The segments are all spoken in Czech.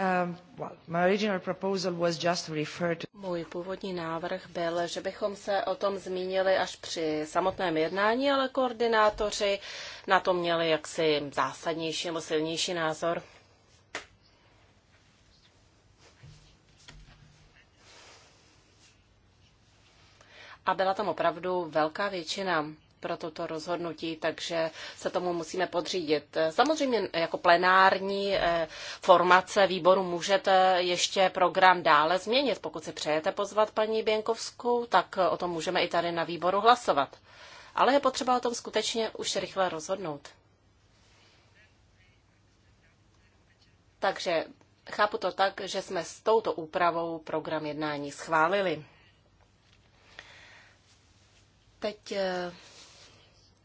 Um, Můj původní návrh byl, že bychom se o tom zmínili až při samotném jednání, ale koordinátoři na to měli jaksi zásadnější nebo silnější názor. A byla tam opravdu velká většina pro toto rozhodnutí, takže se tomu musíme podřídit. Samozřejmě jako plenární eh, formace výboru můžete ještě program dále změnit. Pokud si přejete pozvat paní Běnkovskou, tak o tom můžeme i tady na výboru hlasovat. Ale je potřeba o tom skutečně už rychle rozhodnout. Takže chápu to tak, že jsme s touto úpravou program jednání schválili. Teď eh,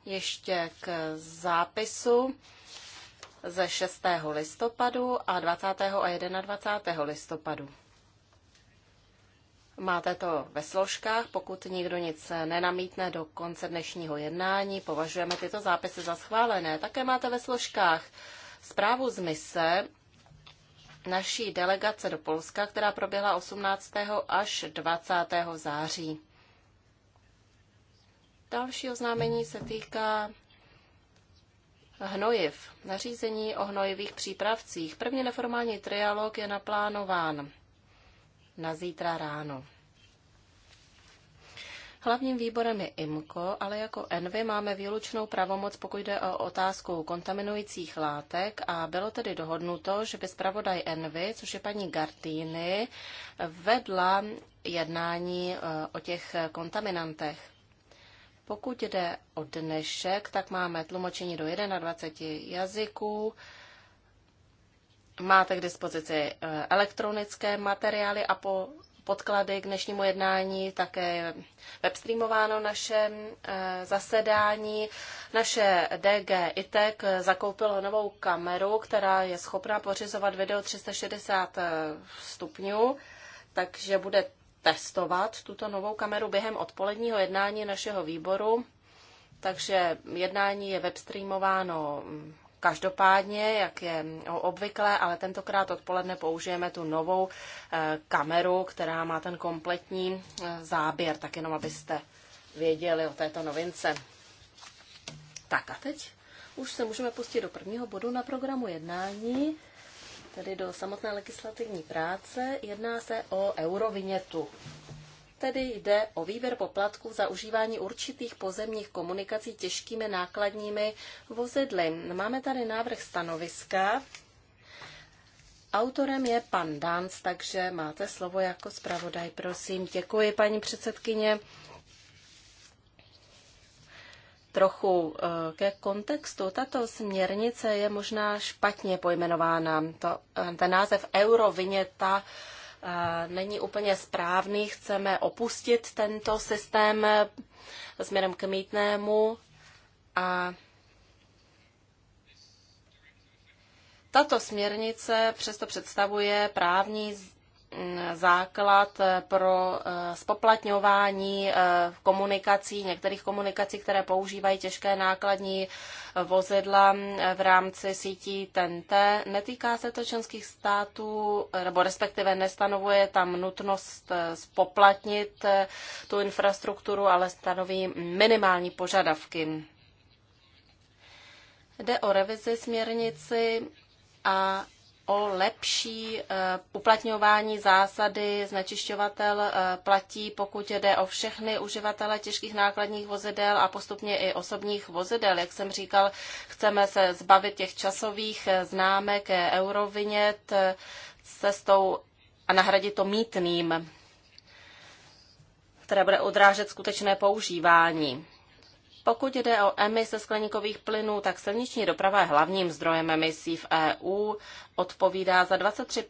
ještě k zápisu ze 6. listopadu a 20. a 21. listopadu. Máte to ve složkách, pokud nikdo nic nenamítne do konce dnešního jednání, považujeme tyto zápisy za schválené. Také máte ve složkách zprávu z mise naší delegace do Polska, která proběhla 18. až 20. září. Další oznámení se týká hnojiv, nařízení o hnojivých přípravcích. První neformální trialog je naplánován na zítra ráno. Hlavním výborem je IMCO, ale jako ENVY máme výlučnou pravomoc, pokud jde o otázku kontaminujících látek a bylo tedy dohodnuto, že by zpravodaj ENVY, což je paní Gartýny, vedla jednání eh, o těch kontaminantech. Pokud jde o dnešek, tak máme tlumočení do 21 jazyků. Máte k dispozici eh, elektronické materiály a po podklady k dnešnímu jednání, také webstreamováno naše eh, zasedání. Naše DG ITEC zakoupilo novou kameru, která je schopná pořizovat video 360 eh, stupňů, takže bude testovat tuto novou kameru během odpoledního jednání našeho výboru, takže jednání je webstreamováno každopádně, jak je obvykle, ale tentokrát odpoledne použijeme tu novou eh, kameru, která má ten kompletní eh, záběr, tak jenom abyste věděli o této novince. Tak a teď už se můžeme pustit do prvního bodu na programu jednání tedy do samotné legislativní práce, jedná se o eurovinětu. Tedy jde o výběr poplatků za užívání určitých pozemních komunikací těžkými nákladními vozidly. Máme tady návrh stanoviska. Autorem je pan Danc, takže máte slovo jako zpravodaj, prosím. Děkuji, paní předsedkyně trochu eh, ke kontextu. Tato směrnice je možná špatně pojmenována. To, eh, ten název euroviněta eh, není úplně správný. Chceme opustit tento systém směrem k mítnému a tato směrnice přesto představuje právní základ pro eh, spoplatňování eh, komunikací, některých komunikací, které používají těžké nákladní vozidla eh, v rámci sítí TNT. Netýká se to členských států, nebo respektive nestanovuje tam nutnost spoplatnit tu infrastrukturu, ale stanoví minimální požadavky. Jde o revizi směrnici a o lepší eh, uplatňování zásady znečišťovatel eh, platí, pokud jde o všechny uživatele těžkých nákladních vozidel a postupně i osobních vozidel. Jak jsem říkal, chceme se zbavit těch časových eh, známek eurovinět cestou a nahradit to mítným, které bude odrážet skutečné používání. Pokud jde o emise skleníkových plynů, tak silniční doprava je hlavním zdrojem emisí v EU. Odpovídá za 23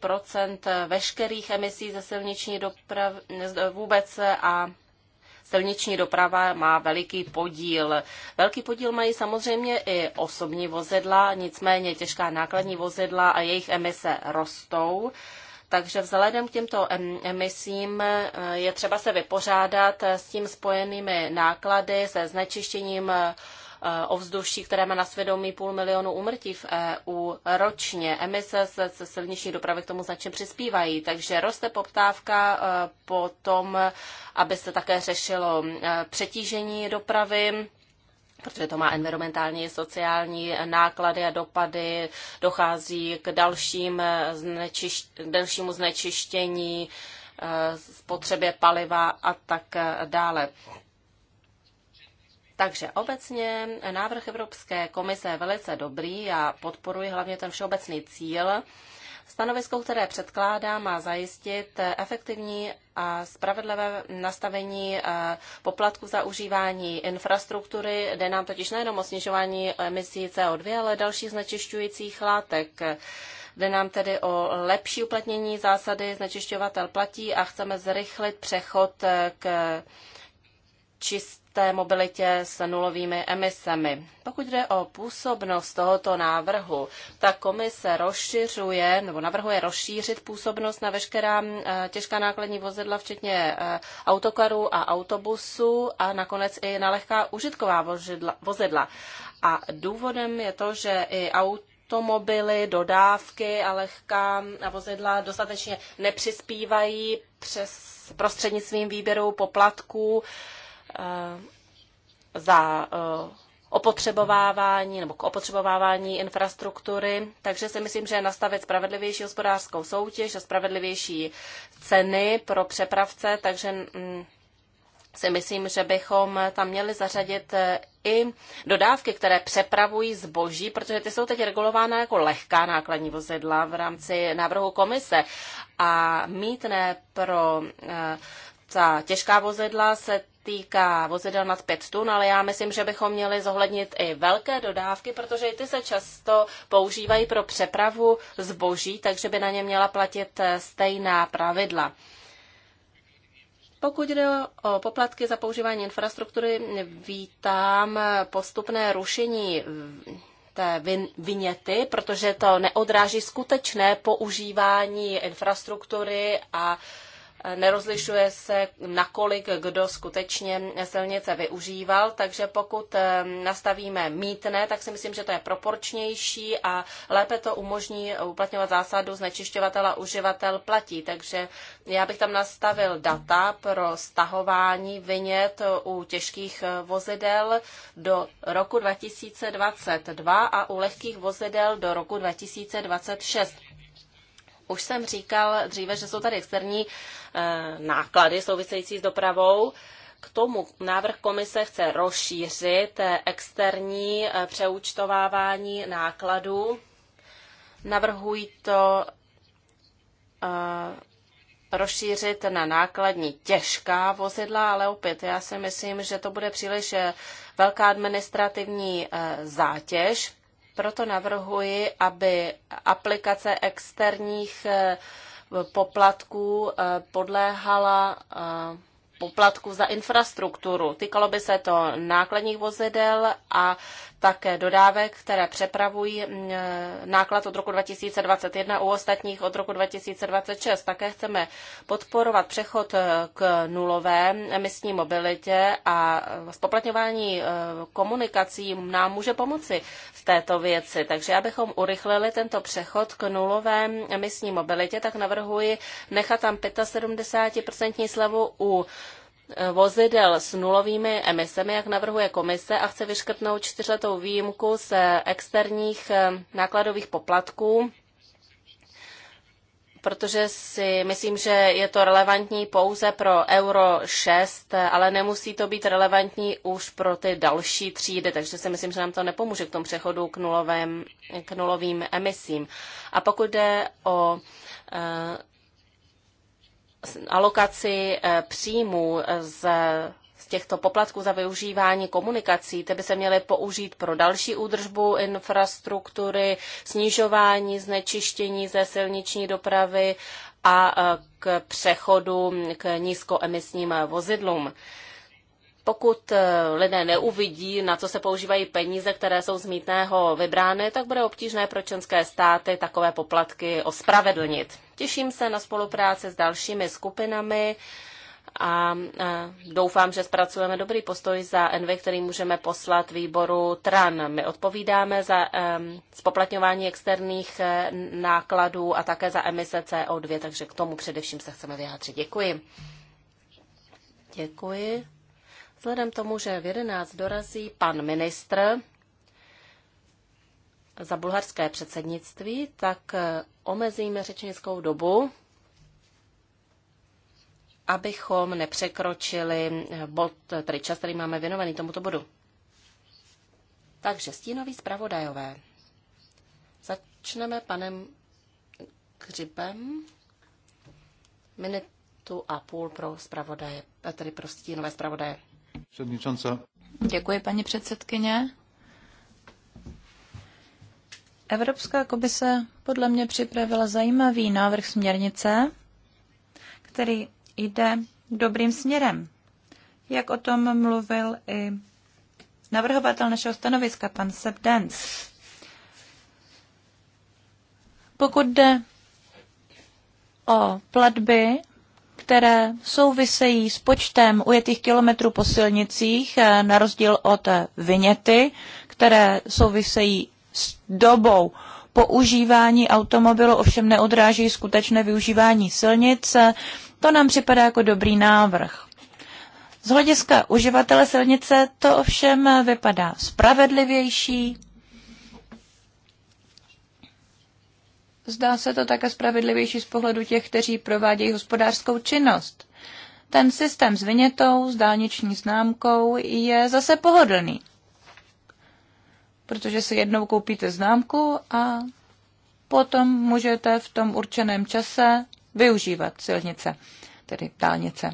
veškerých emisí ze silniční dopravy vůbec a silniční doprava má veliký podíl. Velký podíl mají samozřejmě i osobní vozidla, nicméně těžká nákladní vozidla a jejich emise rostou. Takže vzhledem k těmto emisím eh, je třeba se vypořádat eh, s tím spojenými náklady, se znečištěním eh, ovzduší, které má na svědomí půl milionu úmrtí v EU ročně. Emise se silniční dopravy k tomu značně přispívají, takže roste poptávka po tom, aby se také řešilo přetížení dopravy protože to má environmentální, sociální náklady a dopady, dochází k dalším znečiš, dalšímu znečištění, eh, spotřebě paliva a tak dále. Takže obecně návrh Evropské komise je velice dobrý a podporuji hlavně ten všeobecný cíl, Stanovisko, které předkládá, má zajistit efektivní a spravedlivé nastavení eh, poplatku za užívání infrastruktury. Jde nám totiž nejenom o snižování emisí CO2, ale dalších znečišťujících látek. Jde nám tedy o lepší uplatnění zásady znečišťovatel platí a chceme zrychlit přechod eh, k čisté mobilitě s nulovými emisemi. Pokud jde o působnost tohoto návrhu, ta komise rozšiřuje nebo navrhuje rozšířit působnost na veškerá e, těžká nákladní vozidla, včetně e, autokarů a autobusů a nakonec i na lehká užitková vozidla. A důvodem je to, že i auto automobily, dodávky a lehká vozidla dostatečně nepřispívají přes prostřednictvím výběru poplatků Eh, za eh, opotřebovávání nebo k opotřebovávání infrastruktury, takže si myslím, že nastavit spravedlivější hospodářskou soutěž a spravedlivější ceny pro přepravce, takže mm, si myslím, že bychom tam měli zařadit eh, i dodávky, které přepravují zboží, protože ty jsou teď regulována jako lehká nákladní vozidla v rámci návrhu komise a mítné pro ta těžká vozidla se týká vozidel nad 5 tun, ale já myslím, že bychom měli zohlednit i velké dodávky, protože i ty se často používají pro přepravu zboží, takže by na ně měla platit eh, stejná pravidla. Pokud jde o poplatky za používání infrastruktury, vítám eh, postupné rušení té vyněty, protože to neodráží skutečné používání infrastruktury a uh, nerozlišuje se, nakolik kdo skutečně silnice využíval, takže pokud eh, nastavíme mítné, tak si myslím, že to je proporčnější a lépe to umožní uplatňovat zásadu znečišťovatel a uživatel platí. Takže já bych tam nastavil data pro stahování vinět u těžkých eh, vozidel do roku 2022 a u lehkých vozidel do roku 2026. Už jsem říkal dříve, že jsou tady externí eh, náklady související s dopravou. K tomu návrh komise chce rozšířit eh, externí eh, přeúčtovávání nákladů. Navrhují to rozšířit na nákladní těžká vozidla, ale opět já si myslím, že to bude příliš velká administrativní zátěž. Proto navrhuji, aby aplikace externích eh, poplatků eh, podléhala eh, poplatku za infrastrukturu. Týkalo by se to nákladních vozidel a také dodávek, které přepravují náklad od roku 2021 u ostatních od roku 2026. Také chceme podporovat přechod e, k nulové emisní mobilitě a spoplatňování e, komunikací nám může pomoci v této věci. Takže abychom urychlili tento přechod k nulové emisní mobilitě, tak navrhuji nechat tam 75% slevu u Eh, vozidel s nulovými emisemi, jak navrhuje komise, a chce vyškrtnout čtyřletou výjimku z eh, externích eh, nákladových poplatků, protože si myslím, že je to relevantní pouze pro Euro 6, ale nemusí to být relevantní už pro ty další třídy, takže si myslím, že nám to nepomůže k tomu přechodu k, nulovém, k nulovým emisím. A pokud jde o alokaci eh, příjmů z z těchto poplatků za využívání komunikací, ty by se měly použít pro další údržbu infrastruktury, snižování znečištění ze silniční dopravy a eh, k přechodu k nízkoemisním vozidlům pokud eh, lidé neuvidí, na co se používají peníze, které jsou z mítného vybrány, tak bude obtížné pro členské státy takové poplatky ospravedlnit. Těším se na spolupráci s dalšími skupinami a doufám, že zpracujeme dobrý postoj za NV, který můžeme poslat výboru TRAN. My odpovídáme za spoplatňování externích eh, nákladů a také za emise CO2, takže k tomu především se chceme vyjádřit. Děkuji. Děkuji. Vzhledem tomu, že v 11 dorazí pan ministr za bulharské předsednictví, tak eh, omezíme řečnickou dobu, abychom nepřekročili eh, bod, tedy čas, který máme věnovaný tomuto bodu. Takže stínoví zpravodajové. Začneme panem Křipem. Minutu a půl pro zpravodaje, eh, tedy pro stínové zpravodaje předničanca. Děkuji, paní předsedkyně. Evropská komise podle mě připravila zajímavý návrh směrnice, který jde dobrým směrem. Jak o tom mluvil i navrhovatel našeho stanoviska, pan Sepp Dance. Pokud jde o platby které souvisejí s počtem ujetých kilometrů po silnicích, eh, na rozdíl od eh, viněty, které souvisejí s dobou používání automobilu, ovšem neodráží skutečné využívání silnic. To nám připadá jako dobrý návrh. Z hlediska uživatele silnice to ovšem eh, vypadá spravedlivější, Zdá se to také spravedlivější z pohledu těch, kteří provádějí hospodářskou činnost. Ten systém s vinětou, s dálniční známkou je zase pohodlný. Protože si jednou koupíte známku a potom můžete v tom určeném čase využívat silnice, tedy dálnice.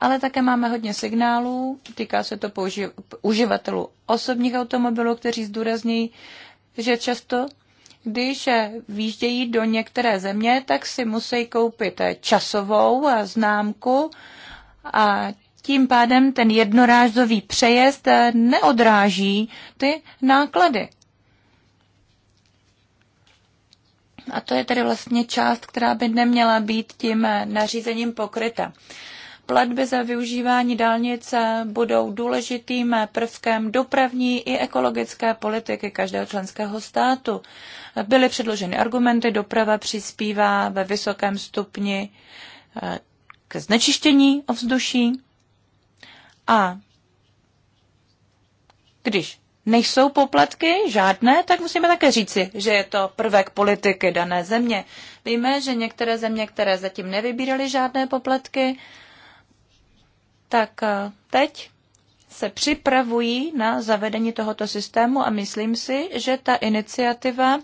Ale také máme hodně signálů, týká se to použi- uživatelů osobních automobilů, kteří zdůrazní, že často když eh, výjíždějí do některé země, tak si musí koupit eh, časovou eh, známku a tím pádem ten jednorázový přejezd neodráží ty náklady. A to je tedy vlastně část, která by neměla být tím nařízením pokryta. Platby za využívání dálnice budou důležitým prvkem dopravní i ekologické politiky každého členského státu byly předloženy argumenty, doprava přispívá ve vysokém stupni eh, ke znečištění ovzduší a když nejsou poplatky žádné, tak musíme také říci, že je to prvek politiky dané země. Víme, že některé země, které zatím nevybíraly žádné poplatky, tak eh, teď se připravují na zavedení tohoto systému a myslím si, že ta iniciativa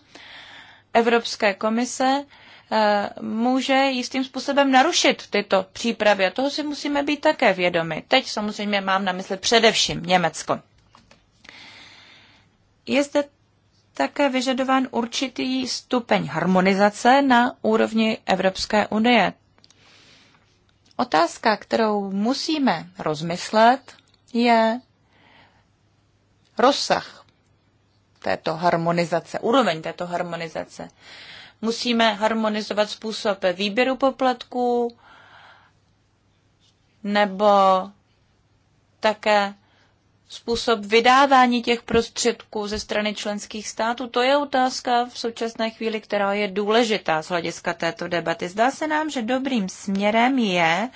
Evropské komise eh, může jistým způsobem narušit tyto přípravy a toho si musíme být také vědomi. Teď samozřejmě mám na mysli především Německo. Je zde také vyžadován určitý stupeň harmonizace na úrovni Evropské unie. Otázka, kterou musíme rozmyslet, je rozsah této harmonizace, úroveň této harmonizace. Musíme harmonizovat způsob výběru poplatků nebo také způsob vydávání těch prostředků ze strany členských států, to je otázka v současné chvíli, která je důležitá z hlediska této debaty. Zdá se nám, že dobrým směrem je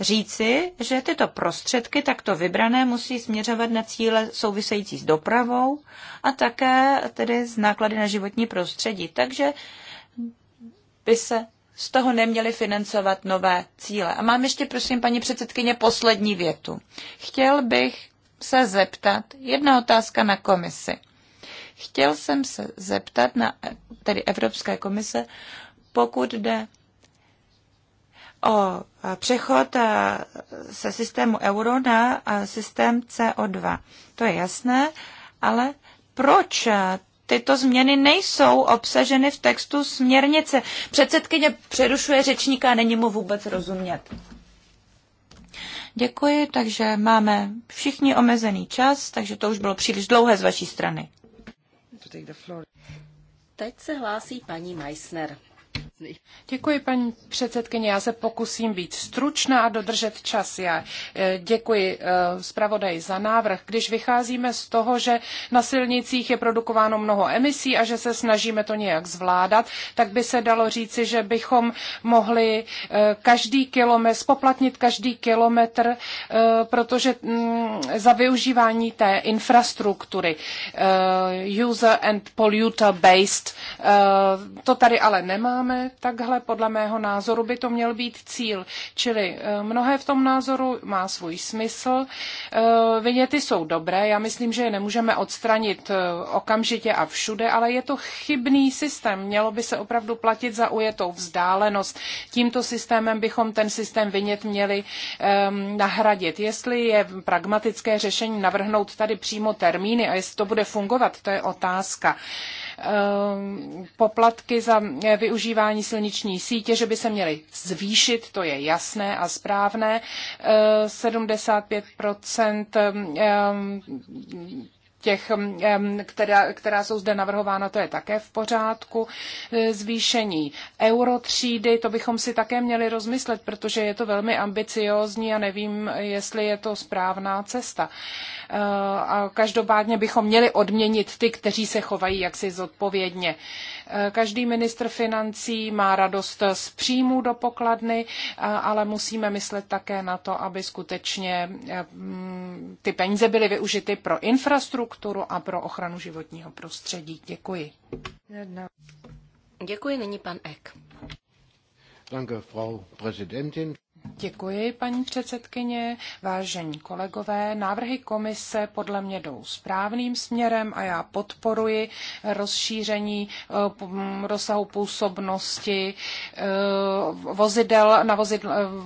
říci, že tyto prostředky takto vybrané musí směřovat na cíle související s dopravou a také tedy z náklady na životní prostředí. Takže by se z toho neměly financovat nové cíle. A mám ještě, prosím, paní předsedkyně, poslední větu. Chtěl bych se zeptat, jedna otázka na komisi. Chtěl jsem se zeptat na tedy Evropské komise, pokud jde o e, přechod se systému euro na e, systém CO2. To je jasné, ale proč e, tyto změny nejsou obsaženy v textu směrnice? Předsedkyně přerušuje řečníka a není mu vůbec rozumět. Děkuji, takže máme všichni omezený čas, takže to už bylo příliš dlouhé z vaší strany. Teď se hlásí paní Meissner. Děkuji, paní předsedkyně. Já se pokusím být stručná a dodržet čas. Já eh, děkuji eh, zpravodaji za návrh. Když vycházíme z toho, že na silnicích je produkováno mnoho emisí a že se snažíme to nějak zvládat, tak by se dalo říci, že bychom mohli eh, každý kilometr, spoplatnit každý kilometr, protože mm, za využívání té infrastruktury user and polluter based, to tady ale nemáme takhle podle mého názoru by to měl být cíl. Čili eh, mnohé v tom názoru má svůj smysl. Eh, Vyněty jsou dobré, já myslím, že je nemůžeme odstranit eh, okamžitě a všude, ale je to chybný systém. Mělo by se opravdu platit za ujetou vzdálenost. Tímto systémem bychom ten systém vynět měli ehm, nahradit. Jestli je pragmatické řešení navrhnout tady přímo termíny a jestli to bude fungovat, to je otázka. Ehm, poplatky za využívání silniční sítě, že by se měly zvýšit, to je jasné a správné. 75 ehm, těch, mm, která, která jsou zde navrhována, to je také v pořádku. E, zvýšení eurotřídy, to bychom si také měli rozmyslet, protože je to velmi ambiciózní a nevím, jestli je to správná cesta. E, a každopádně bychom měli odměnit ty, kteří se chovají jaksi zodpovědně. Každý ministr financí má radost z příjmů do pokladny, ale musíme myslet také na to, aby skutečně e, mm, ty peníze byly využity pro infrastrukturu a pro ochranu životního prostředí. Děkuji. Děkuji, nyní pan Ek. Danke, Frau Präsidentin. Děkuji, paní předsedkyně. Vážení kolegové, návrhy komise podle mě jdou správným směrem a já podporuji rozšíření eh, rozsahu působnosti eh, vozidel, na eh,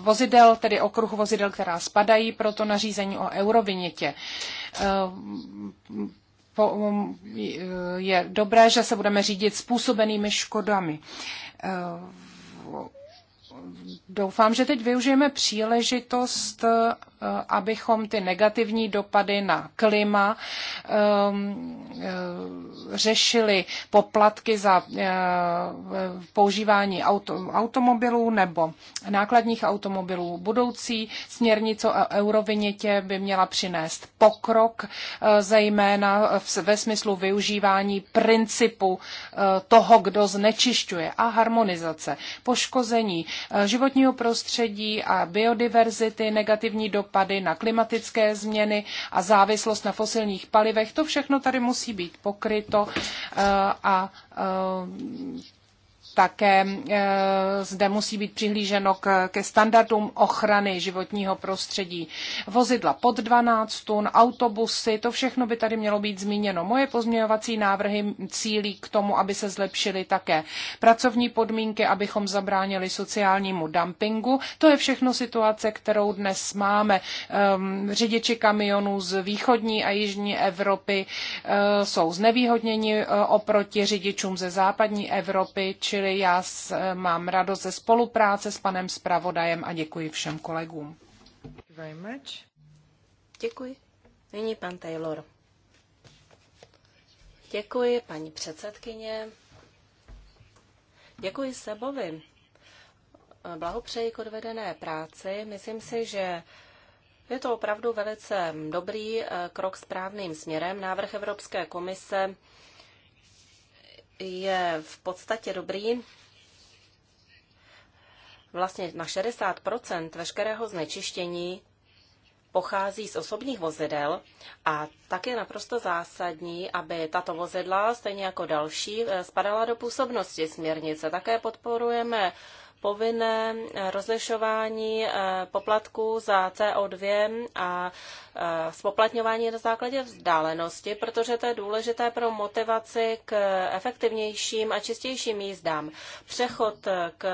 vozidel, tedy okruh vozidel, která spadají pro to nařízení o eurovinětě je dobré, že se budeme řídit způsobenými škodami doufám, že teď využijeme příležitost, eh, abychom ty negativní dopady na klima ehm, eh, řešili poplatky za eh, používání auto, automobilů nebo nákladních automobilů. Budoucí směrnice o eurovinětě by měla přinést pokrok, zejména ve smyslu využívání principu toho, kdo znečišťuje a harmonizace, poškození Eh, životního prostředí a biodiverzity, negativní dopady na klimatické změny a závislost na fosilních palivech. To všechno tady musí být pokryto eh, a eh, také eh, zde musí být přihlíženo k, ke standardům ochrany životního prostředí. Vozidla pod 12 tun, autobusy, to všechno by tady mělo být zmíněno. Moje pozměňovací návrhy cílí k tomu, aby se zlepšily také pracovní podmínky, abychom zabránili sociálnímu dumpingu. To je všechno situace, kterou dnes máme. Ehm, řidiči kamionů z východní a jižní Evropy eh, jsou znevýhodněni eh, oproti řidičům ze západní Evropy, čili zprávy. Já eh, mám radost ze spolupráce s panem zpravodajem a děkuji všem kolegům. Děkuji. Nyní pan Taylor. Děkuji, paní předsedkyně. Děkuji Sebovi. Blahopřeji k odvedené práci. Myslím si, že je to opravdu velice dobrý eh, krok správným směrem. Návrh Evropské komise je v podstatě dobrý vlastně na 60 veškerého znečištění pochází z osobních vozidel a tak je naprosto zásadní, aby tato vozidla, stejně jako další, eh, spadala do působnosti směrnice. Také podporujeme povinné rozlišování eh, poplatků za CO2 a eh, spoplatňování na základě vzdálenosti, protože to je důležité pro motivaci k efektivnějším a čistějším jízdám. Přechod eh, k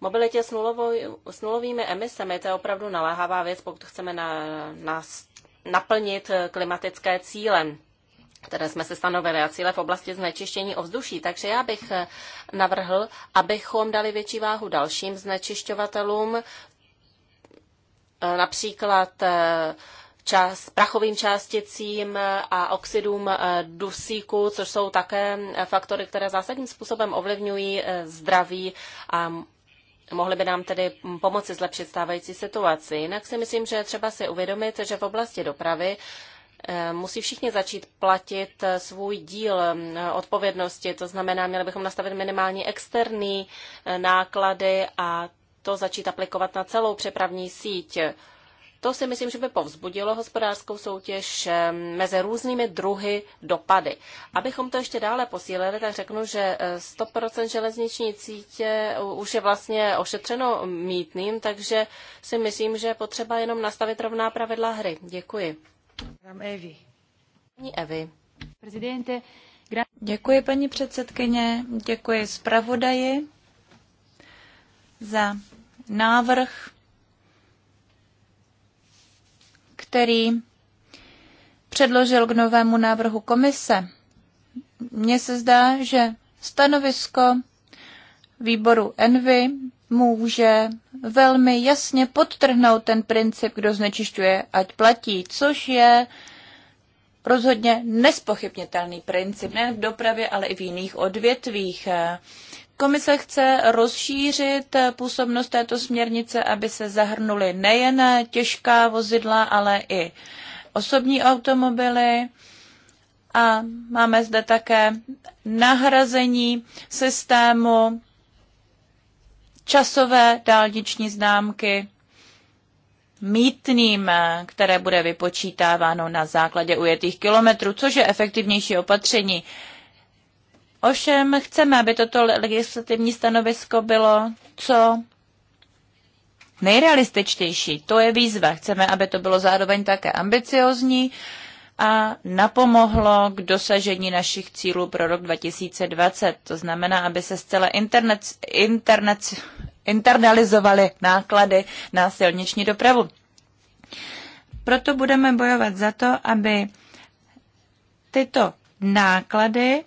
mobilitě s, nulovou, s nulovými emisemi, to je opravdu naléhavá věc, pokud chceme na, na, naplnit klimatické cíle které jsme se stanovili a cíle v oblasti znečištění ovzduší. Takže já bych eh, navrhl, abychom dali větší váhu dalším znečišťovatelům, eh, například eh, čas, prachovým částicím a oxidům dusíku, což jsou také faktory, které zásadním způsobem ovlivňují zdraví a mohly by nám tedy pomoci zlepšit stávající situaci. Jinak si myslím, že třeba si uvědomit, že v oblasti dopravy Eh, musí všichni začít platit eh, svůj díl eh, odpovědnosti. To znamená, měli bychom nastavit minimální externí náklady a to začít aplikovat na celou přepravní síť. To si myslím, že by povzbudilo hospodářskou soutěž mezi různými druhy dopady. Abychom to ještě dále posílili, tak řeknu, že 100% železniční sítě už je vlastně ošetřeno mítným, takže si myslím, že potřeba jenom nastavit rovná pravidla hry. Děkuji. Paní Děkuji, paní předsedkyně, děkuji zpravodaji za návrh, který předložil k novému návrhu komise. Mně se zdá, že stanovisko výboru Envy může velmi jasně podtrhnout ten princip, kdo znečišťuje, ať platí, což je rozhodně nespochybnitelný princip, nejen v dopravě, ale i v jiných odvětvích. Komise chce rozšířit působnost této směrnice, aby se zahrnuly nejen těžká vozidla, ale i osobní automobily. A máme zde také nahrazení systému časové dálniční známky, mítným, které bude vypočítáváno na základě ujetých kilometrů, což je efektivnější opatření. Ovšem chceme, aby toto legislativní stanovisko bylo co nejrealističtější. To je výzva. Chceme, aby to bylo zároveň také ambiciozní a napomohlo k dosažení našich cílů pro rok 2020. To znamená, aby se zcela internet, internet, internalizovaly náklady na silniční dopravu. Proto budeme bojovat za to, aby tyto náklady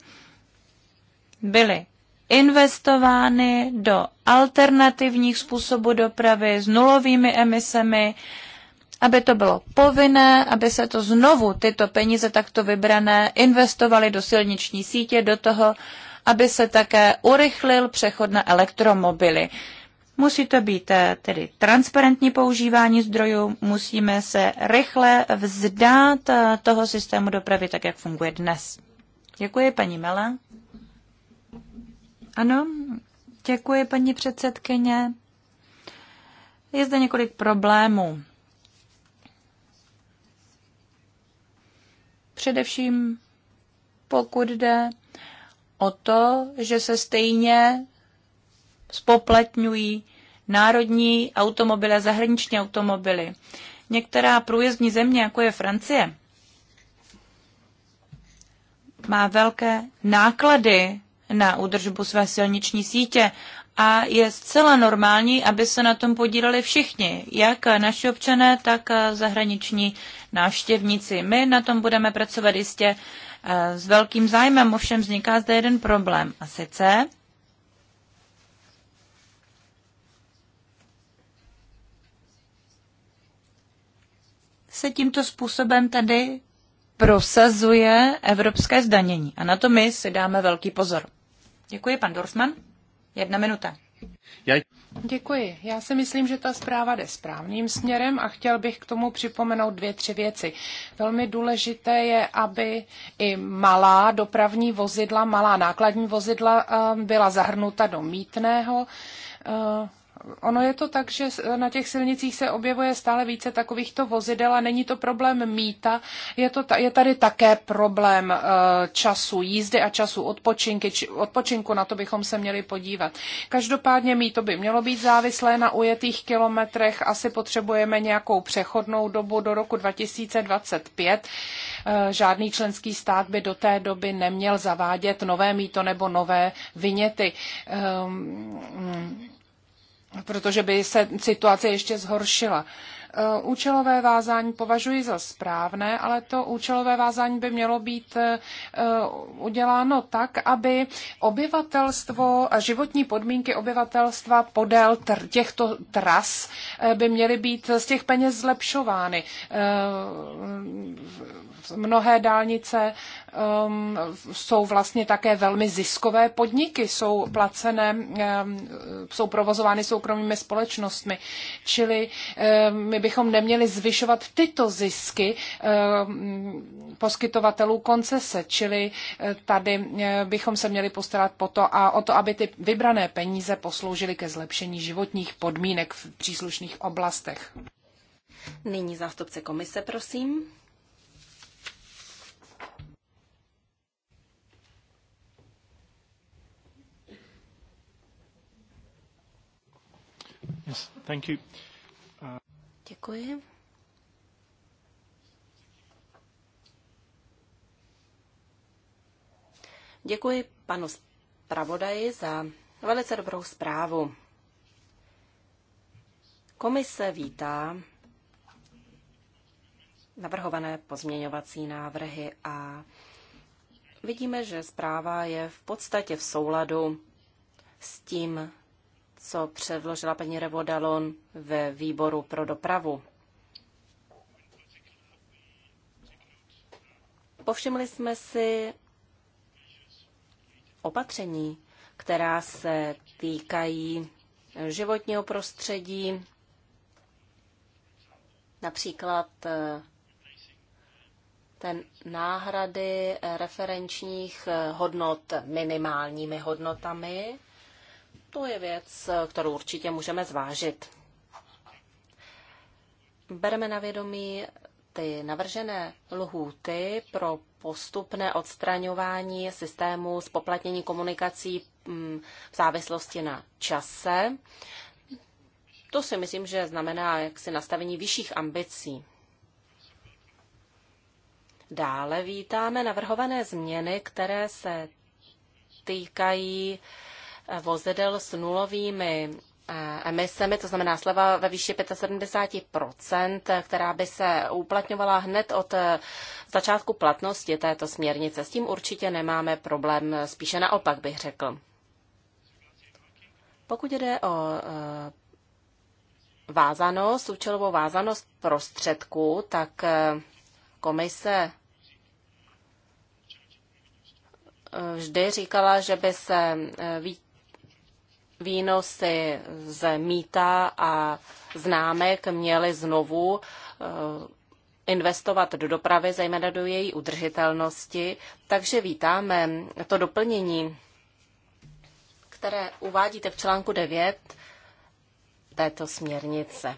byly investovány do alternativních způsobů dopravy s nulovými emisemi, aby to bylo povinné, aby se to znovu tyto peníze takto vybrané investovaly do silniční sítě, do toho, aby se také urychlil přechod na elektromobily. Musí to být eh, tedy transparentní používání zdrojů, musíme se rychle vzdát eh, toho systému dopravy, tak jak funguje dnes. Děkuji, paní Mela. Ano, děkuji, paní předsedkyně. Je zde několik problémů Především pokud jde o to, že se stejně spoplatňují národní automobily a zahraniční automobily. Některá průjezdní země, jako je Francie, má velké náklady na údržbu své silniční sítě a je zcela normální, aby se na tom podíleli všichni, jak naši občané, tak zahraniční návštěvníci. My na tom budeme pracovat jistě eh, s velkým zájmem, ovšem vzniká zde jeden problém a sice se tímto způsobem tady prosazuje evropské zdanění. A na to my si dáme velký pozor. Děkuji, pan Dorfman. Jedna minuta. Děkuji. Já si myslím, že ta zpráva jde správným směrem a chtěl bych k tomu připomenout dvě, tři věci. Velmi důležité je, aby i malá dopravní vozidla, malá nákladní vozidla eh, byla zahrnuta do mítného eh, ono je to tak, že na těch silnicích se objevuje stále více takovýchto vozidel a není to problém míta, je, to, je tady také problém eh, času jízdy a času odpočinky, či, odpočinku, na to bychom se měli podívat. Každopádně míto by mělo být závislé na ujetých kilometrech, asi potřebujeme nějakou přechodnou dobu do roku 2025. Eh, žádný členský stát by do té doby neměl zavádět nové míto nebo nové vyněty. Um, ehm, hmm protože by se situace ještě zhoršila. Eh, účelové vázání považuji za správné, ale to účelové vázání by mělo být eh, uděláno tak, aby obyvatelstvo a eh, životní podmínky obyvatelstva podél těchto tras by měly být z těch peněz zlepšovány. Mnohé dálnice jsou vlastně také velmi ziskové podniky, jsou placené, jsou provozovány soukromými společnostmi, čili my bychom neměli zvyšovat tyto zisky eh, mm, poskytovatelů koncese, čili eh, tady eh, bychom se měli postarat po to a o to, aby ty vybrané peníze posloužily ke zlepšení životních podmínek v příslušných oblastech. Nyní zástupce komise, prosím. Yes, thank you. Děkuji. Děkuji panu zpravodaji za velice dobrou zprávu. Komise vítá navrhované pozměňovací návrhy a vidíme, že zpráva je v podstatě v souladu s tím co předložila paní Revodalon ve výboru pro dopravu. Povšimli jsme si opatření, která se týkají životního prostředí, například eh, ten náhrady referenčních eh, hodnot minimálními hodnotami to je věc, kterou určitě můžeme zvážit. Bereme na vědomí ty navržené lhůty pro postupné odstraňování systému spoplatnění komunikací mm, v závislosti na čase. To si myslím, že znamená jaksi nastavení vyšších ambicí. Dále vítáme navrhované změny, které se týkají vozidel s nulovými eh, emisemi, to znamená sleva ve výši 75%, která by se uplatňovala hned od eh, začátku platnosti této směrnice. S tím určitě nemáme problém, spíše naopak bych řekl. Pokud jde o eh, vázanost, účelovou vázanost prostředků, tak komise vždy říkala, že by se víc výnosy z mýta a známek měly znovu eh, investovat do dopravy, zejména do její udržitelnosti. Takže vítáme to doplnění, které uvádíte v článku 9 této směrnice.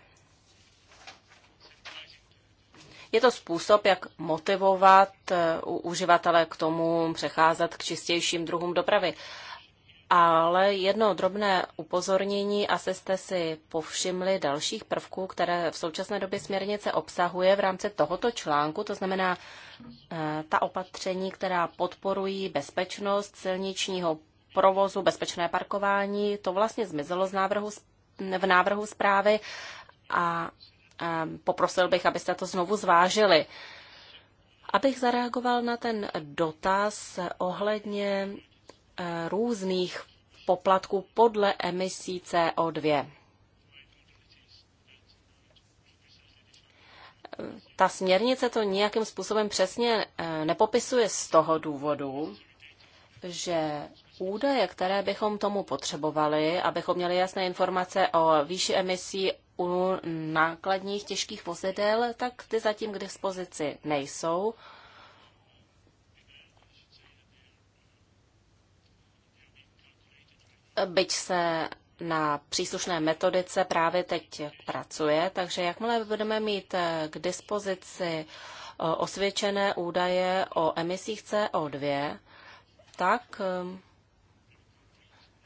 Je to způsob, jak motivovat eh, uživatele k tomu přecházet k čistějším druhům dopravy ale jedno drobné upozornění, asi jste si povšimli dalších prvků, které v současné době směrnice obsahuje v rámci tohoto článku, to znamená eh, ta opatření, která podporují bezpečnost silničního provozu, bezpečné parkování, to vlastně zmizelo z návrhu, v návrhu zprávy a eh, poprosil bych, abyste to znovu zvážili. Abych zareagoval na ten dotaz ohledně Eh, různých poplatků podle emisí CO2. Ta směrnice to nějakým způsobem přesně eh, nepopisuje z toho důvodu, že údaje, které bychom tomu potřebovali, abychom měli jasné informace o výši emisí u nákladních těžkých vozidel, tak ty zatím k dispozici nejsou. byť se na příslušné metodice právě teď pracuje, takže jakmile budeme mít eh, k dispozici eh, osvědčené údaje o emisích CO2, tak eh,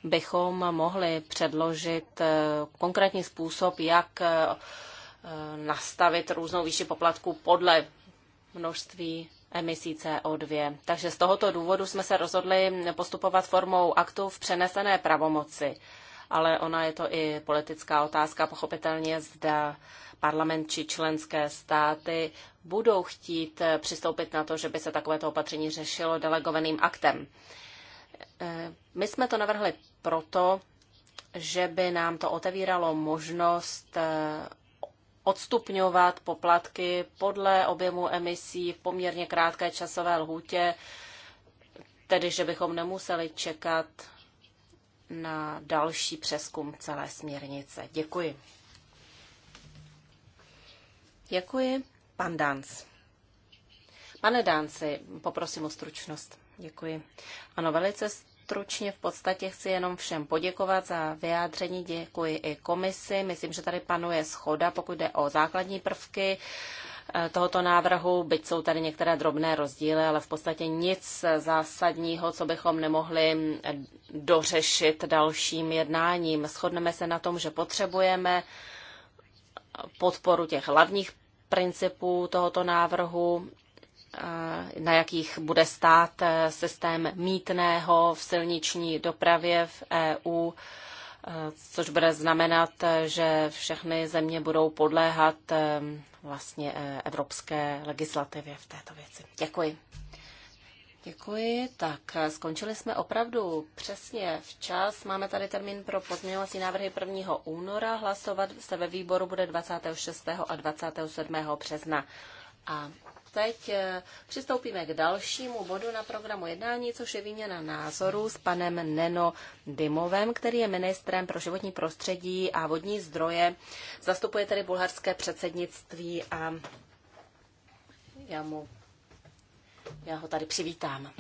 bychom mohli předložit konkrétní způsob, jak nastavit různou výši poplatků podle množství emisí CO2. Takže z tohoto důvodu jsme se rozhodli postupovat formou aktu v přenesené pravomoci. Ale ona je to i politická otázka, pochopitelně zda parlament či členské státy budou chtít přistoupit na to, že by se takovéto opatření řešilo delegovaným aktem. E, my jsme to navrhli proto, že by nám to otevíralo možnost e, odstupňovat poplatky podle objemu emisí v poměrně krátké časové lhůtě, tedy že bychom nemuseli čekat na další přeskum celé směrnice. Děkuji. Děkuji. Pan Danc. Pane Dánci, poprosím o stručnost. Děkuji. Ano, velice stručně. V podstatě chci jenom všem poděkovat za vyjádření. Děkuji i komisi. Myslím, že tady panuje schoda, pokud jde o základní prvky eh, tohoto návrhu, byť jsou tady některé drobné rozdíly, ale v podstatě nic zásadního, co bychom nemohli eh, dořešit dalším jednáním. Shodneme se na tom, že potřebujeme podporu těch hlavních principů tohoto návrhu Eh, na jakých bude stát eh, systém mítného v silniční dopravě v EU, eh, což bude znamenat, že všechny země budou podléhat vlastně evropské legislativě v této věci. Děkuji. Děkuji. Tak skončili jsme opravdu přesně včas. Máme tady termín pro pozměňovací návrhy 1. února. Hlasovat se ve výboru bude 26. a 27. března. A teď eh, přistoupíme k dalšímu bodu na programu jednání, což je výměna názorů s panem Neno Dymovem, který je ministrem pro životní prostředí a vodní zdroje. Zastupuje tedy bulharské předsednictví a já, mu, já ho tady přivítám.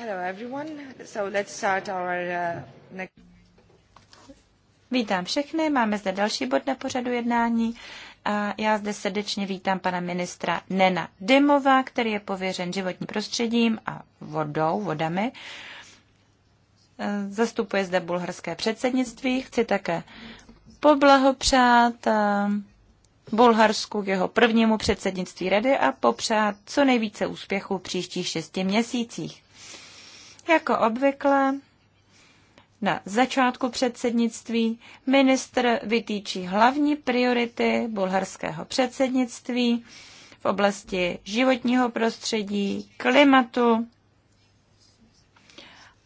Hello everyone. So let's start our uh, next... Vítám všechny, máme zde další bod na pořadu jednání a já zde srdečně vítám pana ministra Nena Dymova, který je pověřen životním prostředím a vodou, vodami. Eh, zastupuje zde bulharské předsednictví. Chci také poblahopřát eh, Bulharsku k jeho prvnímu předsednictví rady a popřát co nejvíce úspěchů v příštích šesti měsících. Jako obvykle, na začátku předsednictví ministr vytýčí hlavní priority bulharského předsednictví v oblasti životního prostředí, klimatu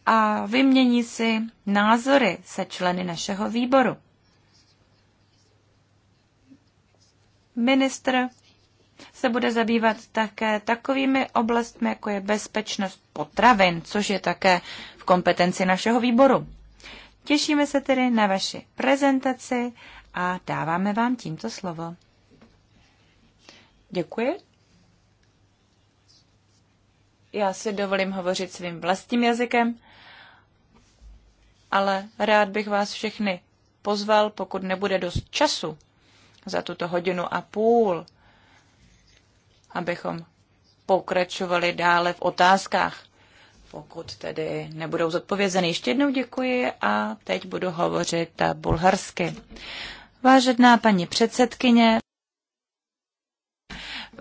a vymění si názory se členy našeho výboru. Ministr se bude zabývat také takovými oblastmi, jako je bezpečnost potravin, což je také v kompetenci našeho výboru. Těšíme se tedy na vaši prezentaci a dáváme vám tímto slovo. Děkuji. Já si dovolím hovořit svým vlastním jazykem, ale rád bych vás všechny pozval, pokud nebude dost času za tuto hodinu a půl abychom pokračovali dále v otázkách, pokud tedy nebudou zodpovězeny. Ještě jednou děkuji a teď budu hovořit bulharsky. Vážená paní předsedkyně,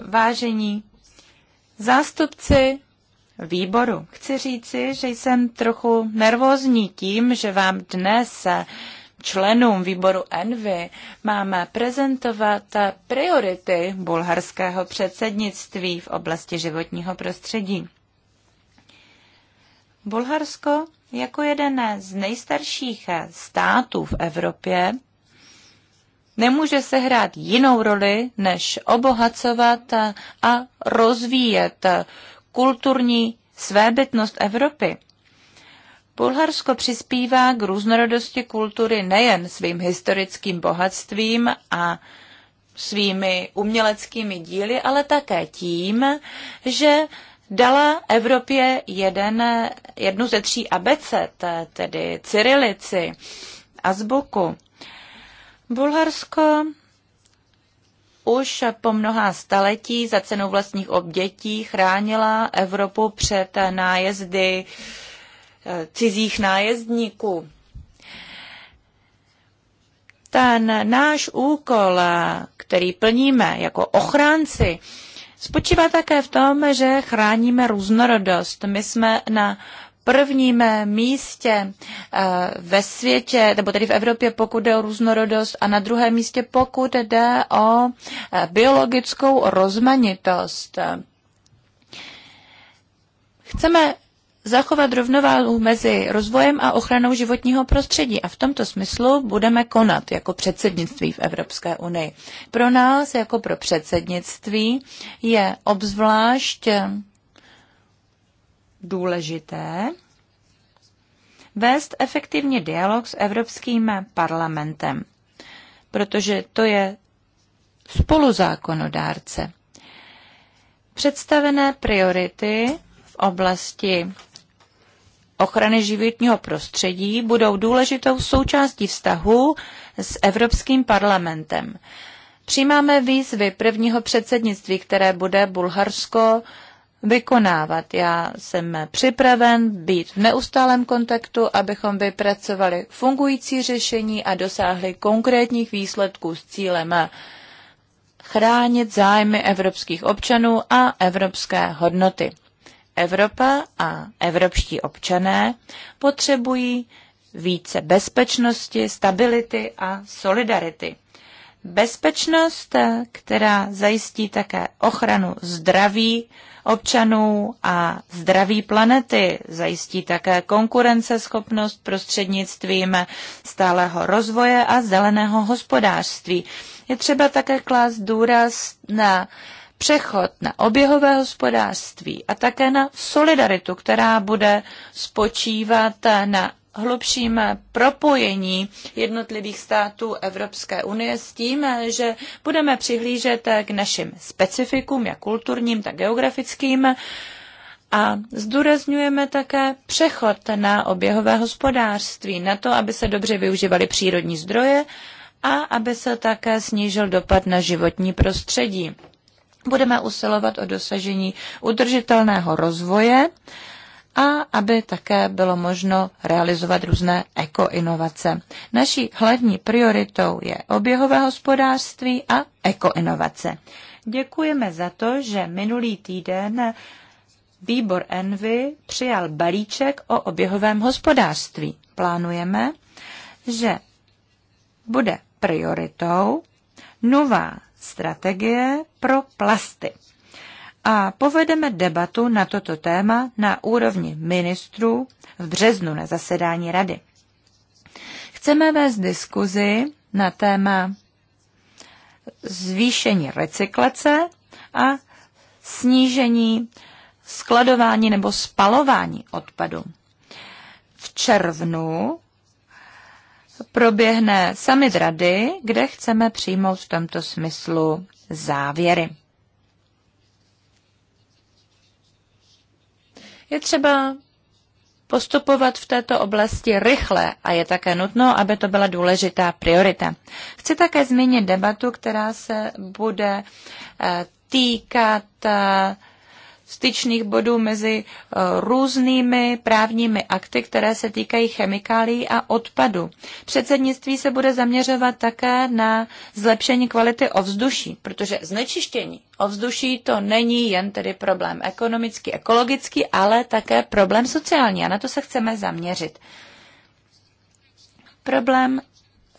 vážení zástupci výboru, chci říci, že jsem trochu nervózní tím, že vám dnes členům výboru Envy máme prezentovat priority bulharského předsednictví v oblasti životního prostředí. Bulharsko jako jeden z nejstarších států v Evropě nemůže se hrát jinou roli, než obohacovat a rozvíjet kulturní svébytnost Evropy. Bulharsko přispívá k různorodosti kultury nejen svým historickým bohatstvím a svými uměleckými díly, ale také tím, že dala Evropě jeden, jednu ze tří abecet, tedy cyrilici a zbuku. Bulharsko už po mnoha staletí za cenou vlastních obdětí chránila Evropu před nájezdy eh, cizích nájezdníků. Ten náš úkol, který plníme jako ochránci, spočívá také v tom, že chráníme různorodost. My jsme na prvním místě eh, ve světě, nebo tedy v Evropě, pokud jde o různorodost, a na druhém místě, pokud jde o eh, biologickou rozmanitost. Chceme zachovat rovnováhu mezi rozvojem a ochranou životního prostředí a v tomto smyslu budeme konat jako předsednictví v Evropské unii. Pro nás jako pro předsednictví je obzvlášť důležité vést efektivně dialog s Evropským parlamentem, protože to je spoluzákonodárce. Představené priority v oblasti ochrany životního prostředí budou důležitou součástí vztahu s Evropským parlamentem. Přijímáme výzvy prvního předsednictví, které bude Bulharsko vykonávat. Já jsem připraven být v neustálém kontaktu, abychom vypracovali fungující řešení a dosáhli konkrétních výsledků s cílem chránit zájmy evropských občanů a evropské hodnoty. Evropa a evropští občané potřebují více bezpečnosti, stability a solidarity. Bezpečnost, která zajistí také ochranu zdraví občanů a zdraví planety, zajistí také konkurenceschopnost prostřednictvím stálého rozvoje a zeleného hospodářství. Je třeba také klást důraz na uh, přechod na oběhové hospodářství a také na solidaritu, která bude spočívat na hlubším propojení jednotlivých států Evropské unie s tím, že budeme přihlížet k našim specifikům, jak kulturním, tak geografickým, a zdůrazňujeme také přechod na oběhové hospodářství, na to, aby se dobře využívaly přírodní zdroje a aby se také snížil dopad na životní prostředí. Budeme usilovat o dosažení udržitelného rozvoje a aby také bylo možno realizovat různé ekoinovace. Naší hlavní prioritou je oběhové hospodářství a ekoinovace. Děkujeme za to, že minulý týden výbor Envy přijal balíček o oběhovém hospodářství. Plánujeme, že bude prioritou nová strategie pro plasty. A povedeme debatu na toto téma na úrovni ministrů v březnu na zasedání rady. Chceme vést diskuzi na téma zvýšení recyklace a snížení skladování nebo spalování odpadu. V červnu proběhne summit rady, kde chceme přijmout v tomto smyslu závěry. Je třeba postupovat v této oblasti rychle a je také nutno, aby to byla důležitá priorita. Chci také zmínit debatu, která se bude eh, týkat eh, styčných bodů mezi eh, různými právními akty, které se týkají chemikálií a odpadu. Předsednictví se bude zaměřovat také na zlepšení kvality ovzduší, protože znečištění ovzduší to není jen tedy problém ekonomický, ekologický, ale také problém sociální a na to se chceme zaměřit. Problém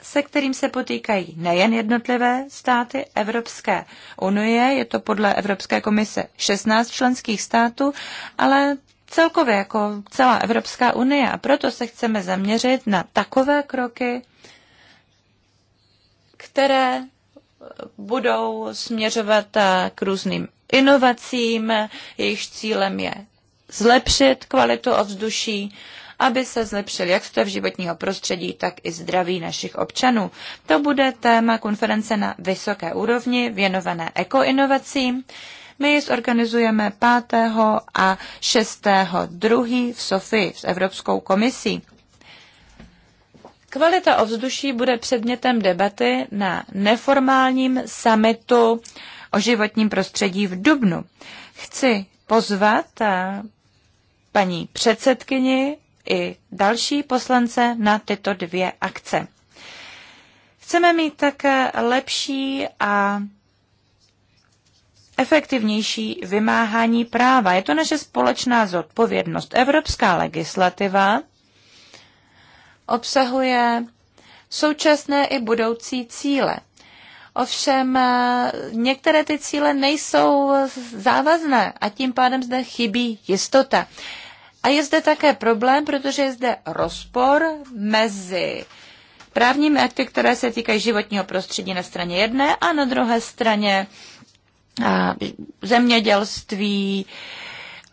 se kterým se potýkají nejen jednotlivé státy Evropské unie, je to podle Evropské komise 16 členských států, ale celkově jako celá Evropská unie. A proto se chceme zaměřit na takové kroky, které budou směřovat eh, k různým inovacím, jejich cílem je zlepšit kvalitu ovzduší aby se zlepšil jak stav životního prostředí, tak i zdraví našich občanů. To bude téma konference na vysoké úrovni věnované ekoinovacím. My ji zorganizujeme 5. a 6. 2. v Sofii s Evropskou komisí. Kvalita ovzduší bude předmětem debaty na neformálním summitu o životním prostředí v Dubnu. Chci pozvat paní předsedkyni i další poslance na tyto dvě akce. Chceme mít také lepší a efektivnější vymáhání práva. Je to naše společná zodpovědnost. Evropská legislativa obsahuje současné i budoucí cíle. Ovšem eh, některé ty cíle nejsou závazné a tím pádem zde chybí jistota. A je zde také problém, protože je zde rozpor mezi právními akty, které se týkají životního prostředí na straně jedné a na druhé straně a zemědělství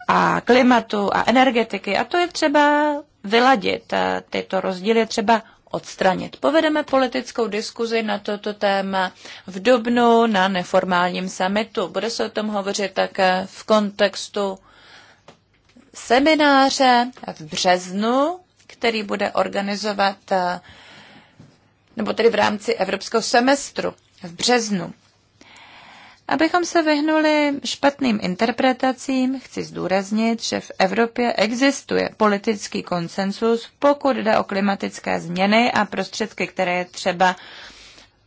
a klimatu a energetiky. A to je třeba vyladit. A tyto rozdíly je třeba odstranit. Povedeme politickou diskuzi na toto téma v Dubnu na neformálním summitu. Bude se o tom hovořit také v kontextu semináře v březnu, který bude organizovat, eh, nebo tedy v rámci evropského semestru v březnu. Abychom se vyhnuli špatným interpretacím, chci zdůraznit, že v Evropě existuje politický konsensus, pokud jde o klimatické změny a prostředky, které je třeba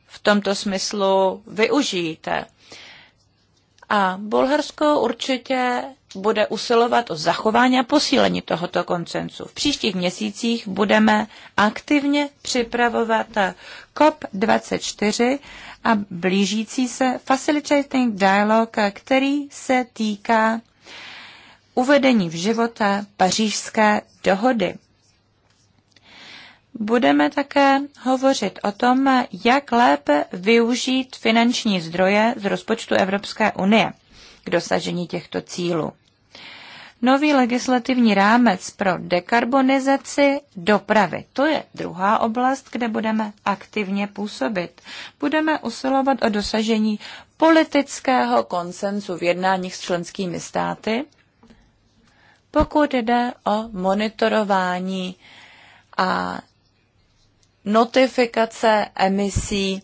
v tomto smyslu využijete. A Bulharsko určitě bude usilovat o zachování a posílení tohoto koncensu. V příštích měsících budeme aktivně připravovat COP24 a blížící se Facilitating Dialogue, který se týká uvedení v života pařížské dohody. Budeme také hovořit o tom, jak lépe využít finanční zdroje z rozpočtu Evropské unie k dosažení těchto cílů nový legislativní rámec pro dekarbonizaci dopravy. To je druhá oblast, kde budeme aktivně působit. Budeme usilovat o dosažení politického konsenzu v jednáních s členskými státy, pokud jde o monitorování a notifikace emisí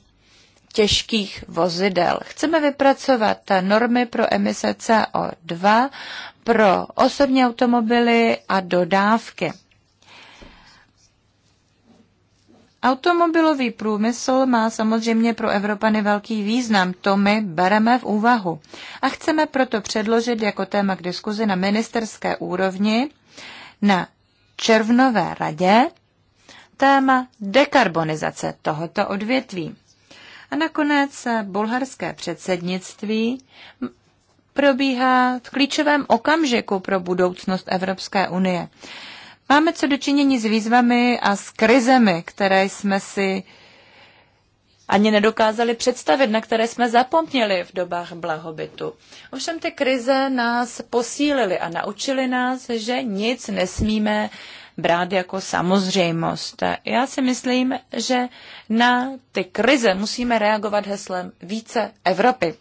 těžkých vozidel. Chceme vypracovat normy pro emise CO2 pro osobní automobily a dodávky. Automobilový průmysl má samozřejmě pro Evropany velký význam, to my bereme v úvahu. A chceme proto předložit jako téma k diskuzi na ministerské úrovni na červnové radě téma dekarbonizace tohoto odvětví. A nakonec bulharské předsednictví probíhá v klíčovém okamžiku pro budoucnost Evropské unie. Máme co dočinění s výzvami a s krizemi, které jsme si ani nedokázali představit, na které jsme zapomněli v dobách blahobytu. Ovšem ty krize nás posílily a naučily nás, že nic nesmíme brát jako samozřejmost. Já si myslím, že na ty krize musíme reagovat heslem více Evropy.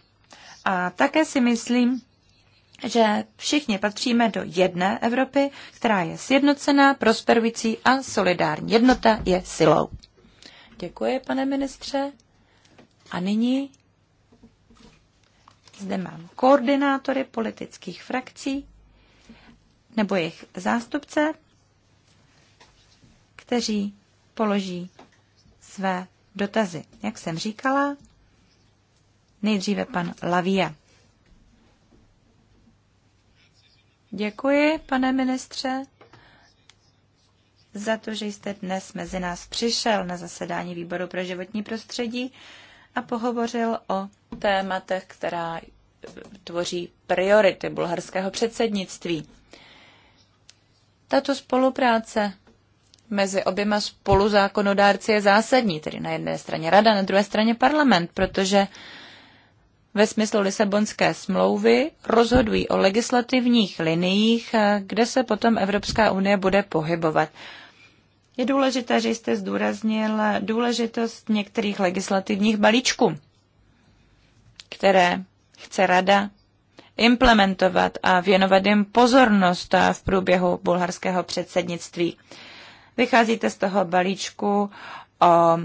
A také si myslím, že všichni patříme do jedné Evropy, která je sjednocená, prosperující a solidární. Jednota je silou. Děkuji, pane ministře. A nyní zde mám koordinátory politických frakcí nebo jejich zástupce, kteří položí své dotazy. Jak jsem říkala, Nejdříve pan Lavia. Děkuji, pane ministře, za to, že jste dnes mezi nás přišel na zasedání výboru pro životní prostředí a pohovořil o tématech, která tvoří priority bulharského předsednictví. Tato spolupráce mezi oběma spoluzákonodárci je zásadní, tedy na jedné straně rada, na druhé straně parlament, protože ve smyslu Lisabonské smlouvy rozhodují o legislativních liniích, eh, kde se potom Evropská unie bude pohybovat. Je důležité, že jste zdůraznil důležitost některých legislativních balíčků, které chce Rada implementovat a věnovat jim pozornost eh, v průběhu bulharského předsednictví. Vycházíte z toho balíčku o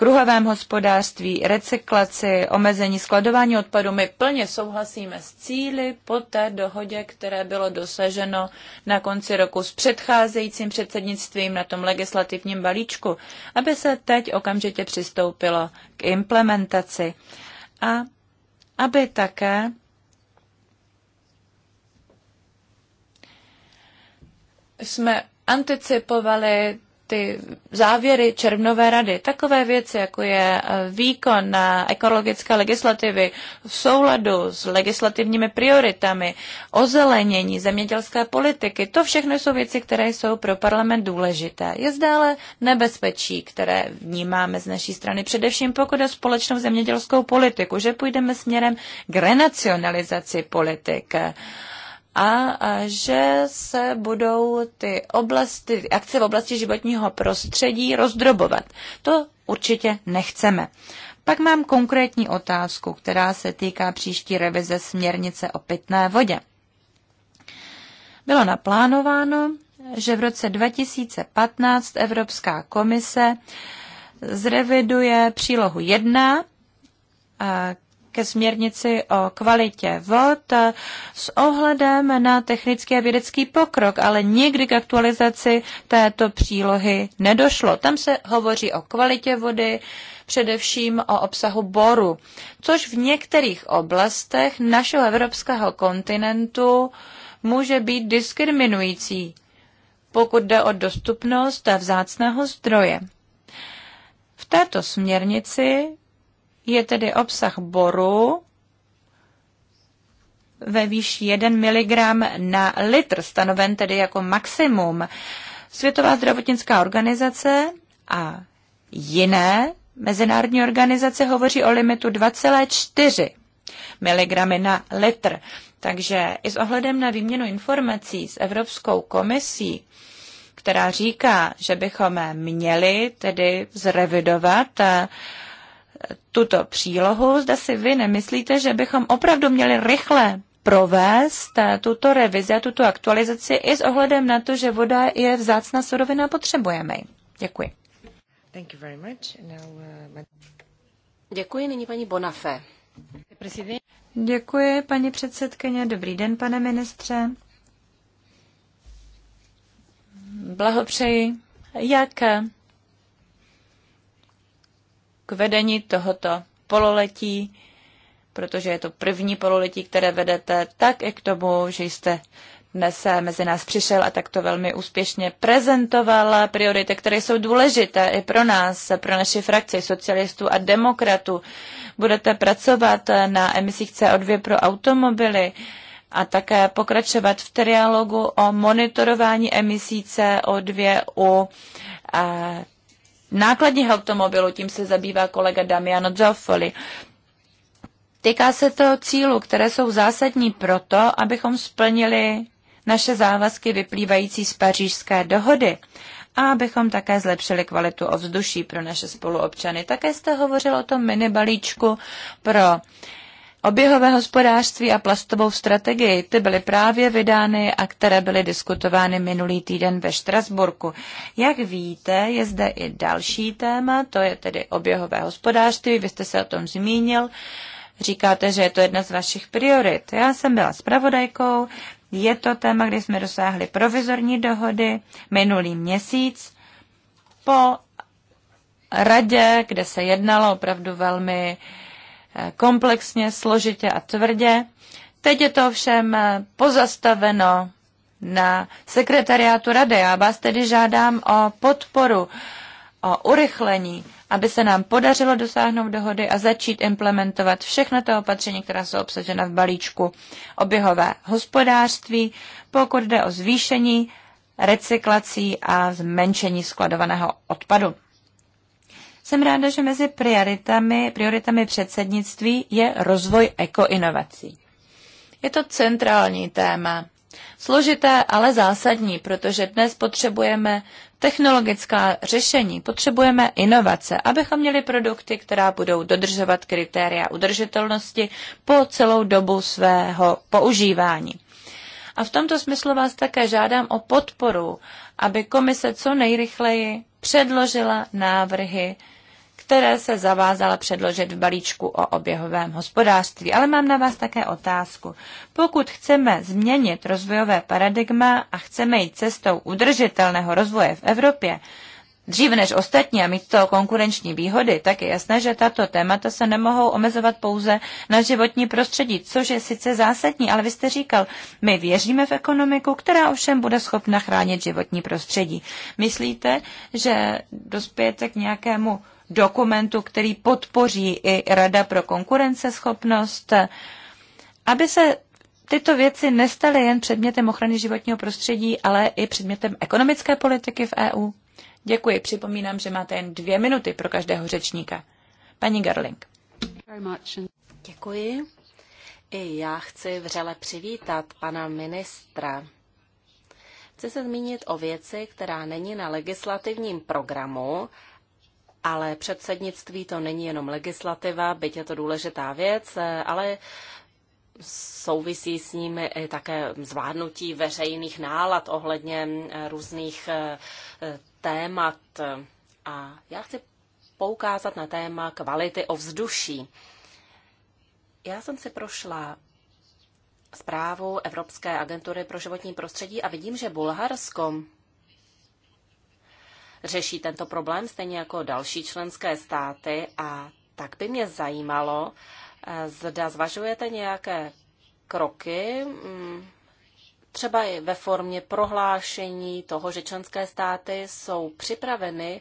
kruhovém hospodářství, recyklaci, omezení skladování odpadu. My plně souhlasíme s cíly po té dohodě, které bylo dosaženo na konci roku s předcházejícím předsednictvím na tom legislativním balíčku, aby se teď okamžitě přistoupilo k implementaci a aby také jsme anticipovali ty závěry červnové rady. Takové věci, jako je eh, výkon na eh, ekologické legislativy v souladu s legislativními prioritami, ozelenění zemědělské politiky, to všechno jsou věci, které jsou pro parlament důležité. Je zde ale nebezpečí, které vnímáme z naší strany, především pokud je společnou zemědělskou politiku, že půjdeme směrem k renacionalizaci politik a že se budou ty oblasti, akce v oblasti životního prostředí rozdrobovat. To určitě nechceme. Pak mám konkrétní otázku, která se týká příští revize směrnice o pitné vodě. Bylo naplánováno, že v roce 2015 Evropská komise zreviduje přílohu 1, ke směrnici o kvalitě vod s ohledem na technický a vědecký pokrok, ale nikdy k aktualizaci této přílohy nedošlo. Tam se hovoří o kvalitě vody, především o obsahu boru, což v některých oblastech našeho evropského kontinentu může být diskriminující, pokud jde o dostupnost vzácného zdroje. V této směrnici je tedy obsah boru ve výši 1 mg na litr, stanoven tedy jako maximum. Světová zdravotnická organizace a jiné mezinárodní organizace hovoří o limitu 2,4 mg na litr. Takže i s ohledem na výměnu informací s Evropskou komisí, která říká, že bychom měli tedy zrevidovat tuto přílohu. Zda si vy nemyslíte, že bychom opravdu měli rychle provést eh, tuto revizi a tuto aktualizaci i s ohledem na to, že voda je vzácná surovina a potřebujeme ji. Děkuji. Thank you very much. Now, uh, Děkuji, nyní paní Bonafé. Děkuji, paní předsedkyně. Dobrý den, pane ministře. Blahopřeji. Jak k vedení tohoto pololetí, protože je to první pololetí, které vedete, tak i k tomu, že jste dnes mezi nás přišel a takto velmi úspěšně prezentoval priority, které jsou důležité i pro nás, pro naši frakci socialistů a demokratů. Budete pracovat na emisích CO2 pro automobily a také pokračovat v trialogu o monitorování emisí CO2 u eh, nákladních automobilů, tím se zabývá kolega Damiano Zoffoli. Týká se to cílů, které jsou zásadní proto, abychom splnili naše závazky vyplývající z pařížské dohody a abychom také zlepšili kvalitu ovzduší pro naše spoluobčany. Také jste hovořil o tom minibalíčku pro oběhové hospodářství a plastovou strategii, ty byly právě vydány a které byly diskutovány minulý týden ve Štrasburku. Jak víte, je zde i další téma, to je tedy oběhové hospodářství, vy jste se o tom zmínil. Říkáte, že je to jedna z vašich priorit. Já jsem byla spravodajkou, je to téma, kde jsme dosáhli provizorní dohody minulý měsíc po radě, kde se jednalo opravdu velmi uh, Eh, komplexně, složitě a tvrdě. Teď je to ovšem eh, pozastaveno na sekretariátu rady. Já vás tedy žádám o podporu, o urychlení, aby se nám podařilo dosáhnout dohody a začít implementovat všechna ta opatření, která jsou obsažena v balíčku oběhové hospodářství, pokud jde o zvýšení recyklací a zmenšení skladovaného odpadu. Jsem ráda, že mezi prioritami, prioritami předsednictví je rozvoj ekoinovací. Je to centrální téma. Složité, ale zásadní, protože dnes potřebujeme technologická řešení, potřebujeme inovace, abychom měli produkty, která budou dodržovat kritéria udržitelnosti po celou dobu svého používání. A v tomto smyslu vás také žádám o podporu, aby komise co nejrychleji předložila návrhy které se zavázala předložit v balíčku o oběhovém hospodářství. Ale mám na vás také otázku. Pokud chceme změnit rozvojové paradigma a chceme jít cestou udržitelného rozvoje v Evropě, dříve než ostatní a mít to konkurenční výhody, tak je jasné, že tato témata se nemohou omezovat pouze na životní prostředí, což je sice zásadní, ale vy jste říkal, my věříme v ekonomiku, která ovšem bude schopna chránit životní prostředí. Myslíte, že dospějete k nějakému dokumentu, který podpoří i Rada pro konkurenceschopnost, aby se tyto věci nestaly jen předmětem ochrany životního prostředí, ale i předmětem ekonomické politiky v EU? Děkuji. Připomínám, že máte jen dvě minuty pro každého řečníka. Paní Garling. Děkuji. I já chci vřele přivítat pana ministra. Chci se zmínit o věci, která není na legislativním programu, ale předsednictví to není jenom legislativa, byť je to důležitá věc, eh, ale souvisí s ním i také zvládnutí veřejných nálad ohledně eh, různých eh, témat. A já chci poukázat na téma kvality ovzduší. Já jsem si prošla zprávu Evropské agentury pro životní prostředí a vidím, že Bulharsko řeší tento problém, stejně jako další členské státy. A tak by mě zajímalo, eh, zda zvažujete nějaké kroky, mm, třeba i ve formě prohlášení toho, že členské státy jsou připraveny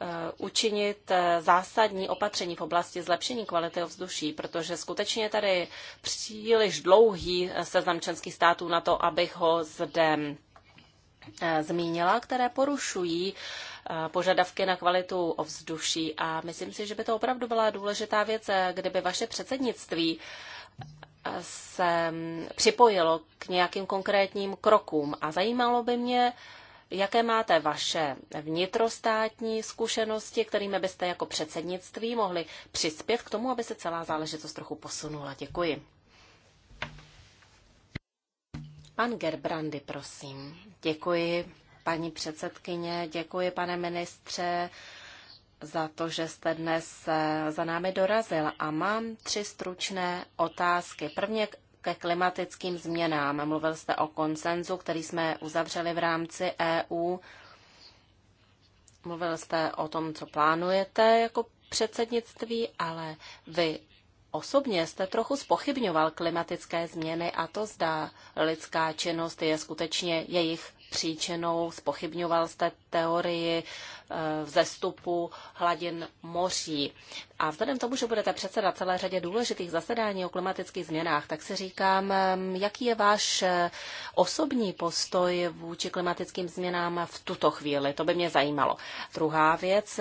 eh, učinit eh, zásadní opatření v oblasti zlepšení kvality ovzduší, protože skutečně tady příliš dlouhý seznam členských států na to, abych ho zde zmínila, které porušují uh, požadavky na kvalitu ovzduší a myslím si, že by to opravdu byla důležitá věc, kdyby vaše předsednictví se připojilo k nějakým konkrétním krokům a zajímalo by mě, jaké máte vaše vnitrostátní zkušenosti, kterými byste jako předsednictví mohli přispět k tomu, aby se celá záležitost trochu posunula. Děkuji. Pan Gerbrandy, prosím. Děkuji paní předsedkyně, děkuji, pane ministře, za to, že jste dnes eh, za námi dorazil. A mám tři stručné otázky. Prvně ke klimatickým změnám. Mluvil jste o konsenzu, který jsme uzavřeli v rámci EU. Mluvil jste o tom, co plánujete jako předsednictví, ale vy osobně jste trochu spochybňoval klimatické změny a to zda lidská činnost je skutečně jejich příčinou. Spochybňoval jste teorii eh, vzestupu hladin moří. A vzhledem tomu, že budete předsedat celé řadě důležitých zasedání o klimatických změnách, tak si říkám, eh, jaký je váš eh, osobní postoj vůči klimatickým změnám v tuto chvíli. To by mě zajímalo. Druhá věc,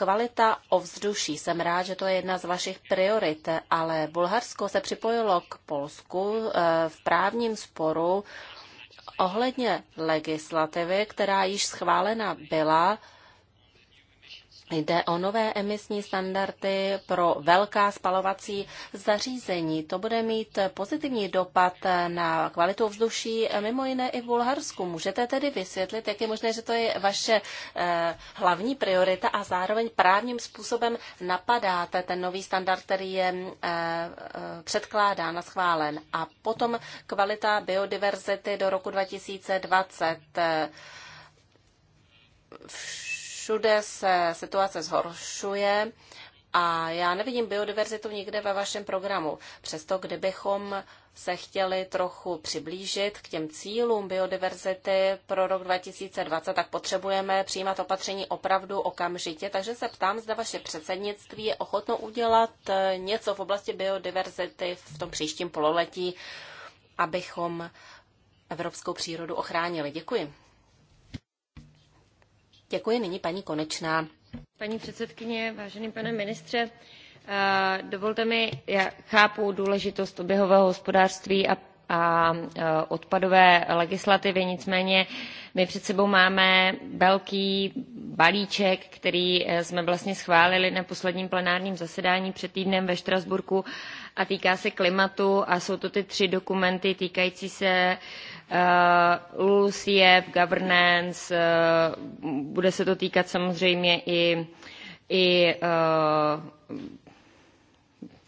Kvalita ovzduší, jsem rád, že to je jedna z vašich priorit, ale Bulharsko se připojilo k Polsku eh, v právním sporu ohledně legislativy, která již schválena byla Jde o nové emisní standardy pro velká spalovací zařízení. To bude mít pozitivní dopad na kvalitu vzduší. mimo jiné i v Bulharsku. Můžete tedy vysvětlit, jak je možné, že to je vaše eh, hlavní priorita a zároveň právním způsobem napadáte ten nový standard, který je eh, eh, předkládán a schválen. A potom kvalita biodiverzity do roku 2020. Všude se situace zhoršuje a já nevidím biodiverzitu nikde ve vašem programu. Přesto, kdybychom se chtěli trochu přiblížit k těm cílům biodiverzity pro rok 2020, tak potřebujeme přijímat opatření opravdu okamžitě. Takže se ptám, zda vaše předsednictví je ochotno udělat eh, něco v oblasti biodiverzity v tom příštím pololetí, abychom evropskou přírodu ochránili. Děkuji. Děkuji nyní paní Konečná. Paní předsedkyně, vážený pane ministře, eh, dovolte mi, já chápu důležitost oběhového hospodářství a a eh, odpadové legislativy. Nicméně my před sebou máme velký balíček, který eh, jsme vlastně schválili na posledním plenárním zasedání před týdnem ve Štrasburku a týká se klimatu a jsou to ty tři dokumenty týkající se Uh, LULCF, governance, uh, bude se to týkat samozřejmě i, i uh,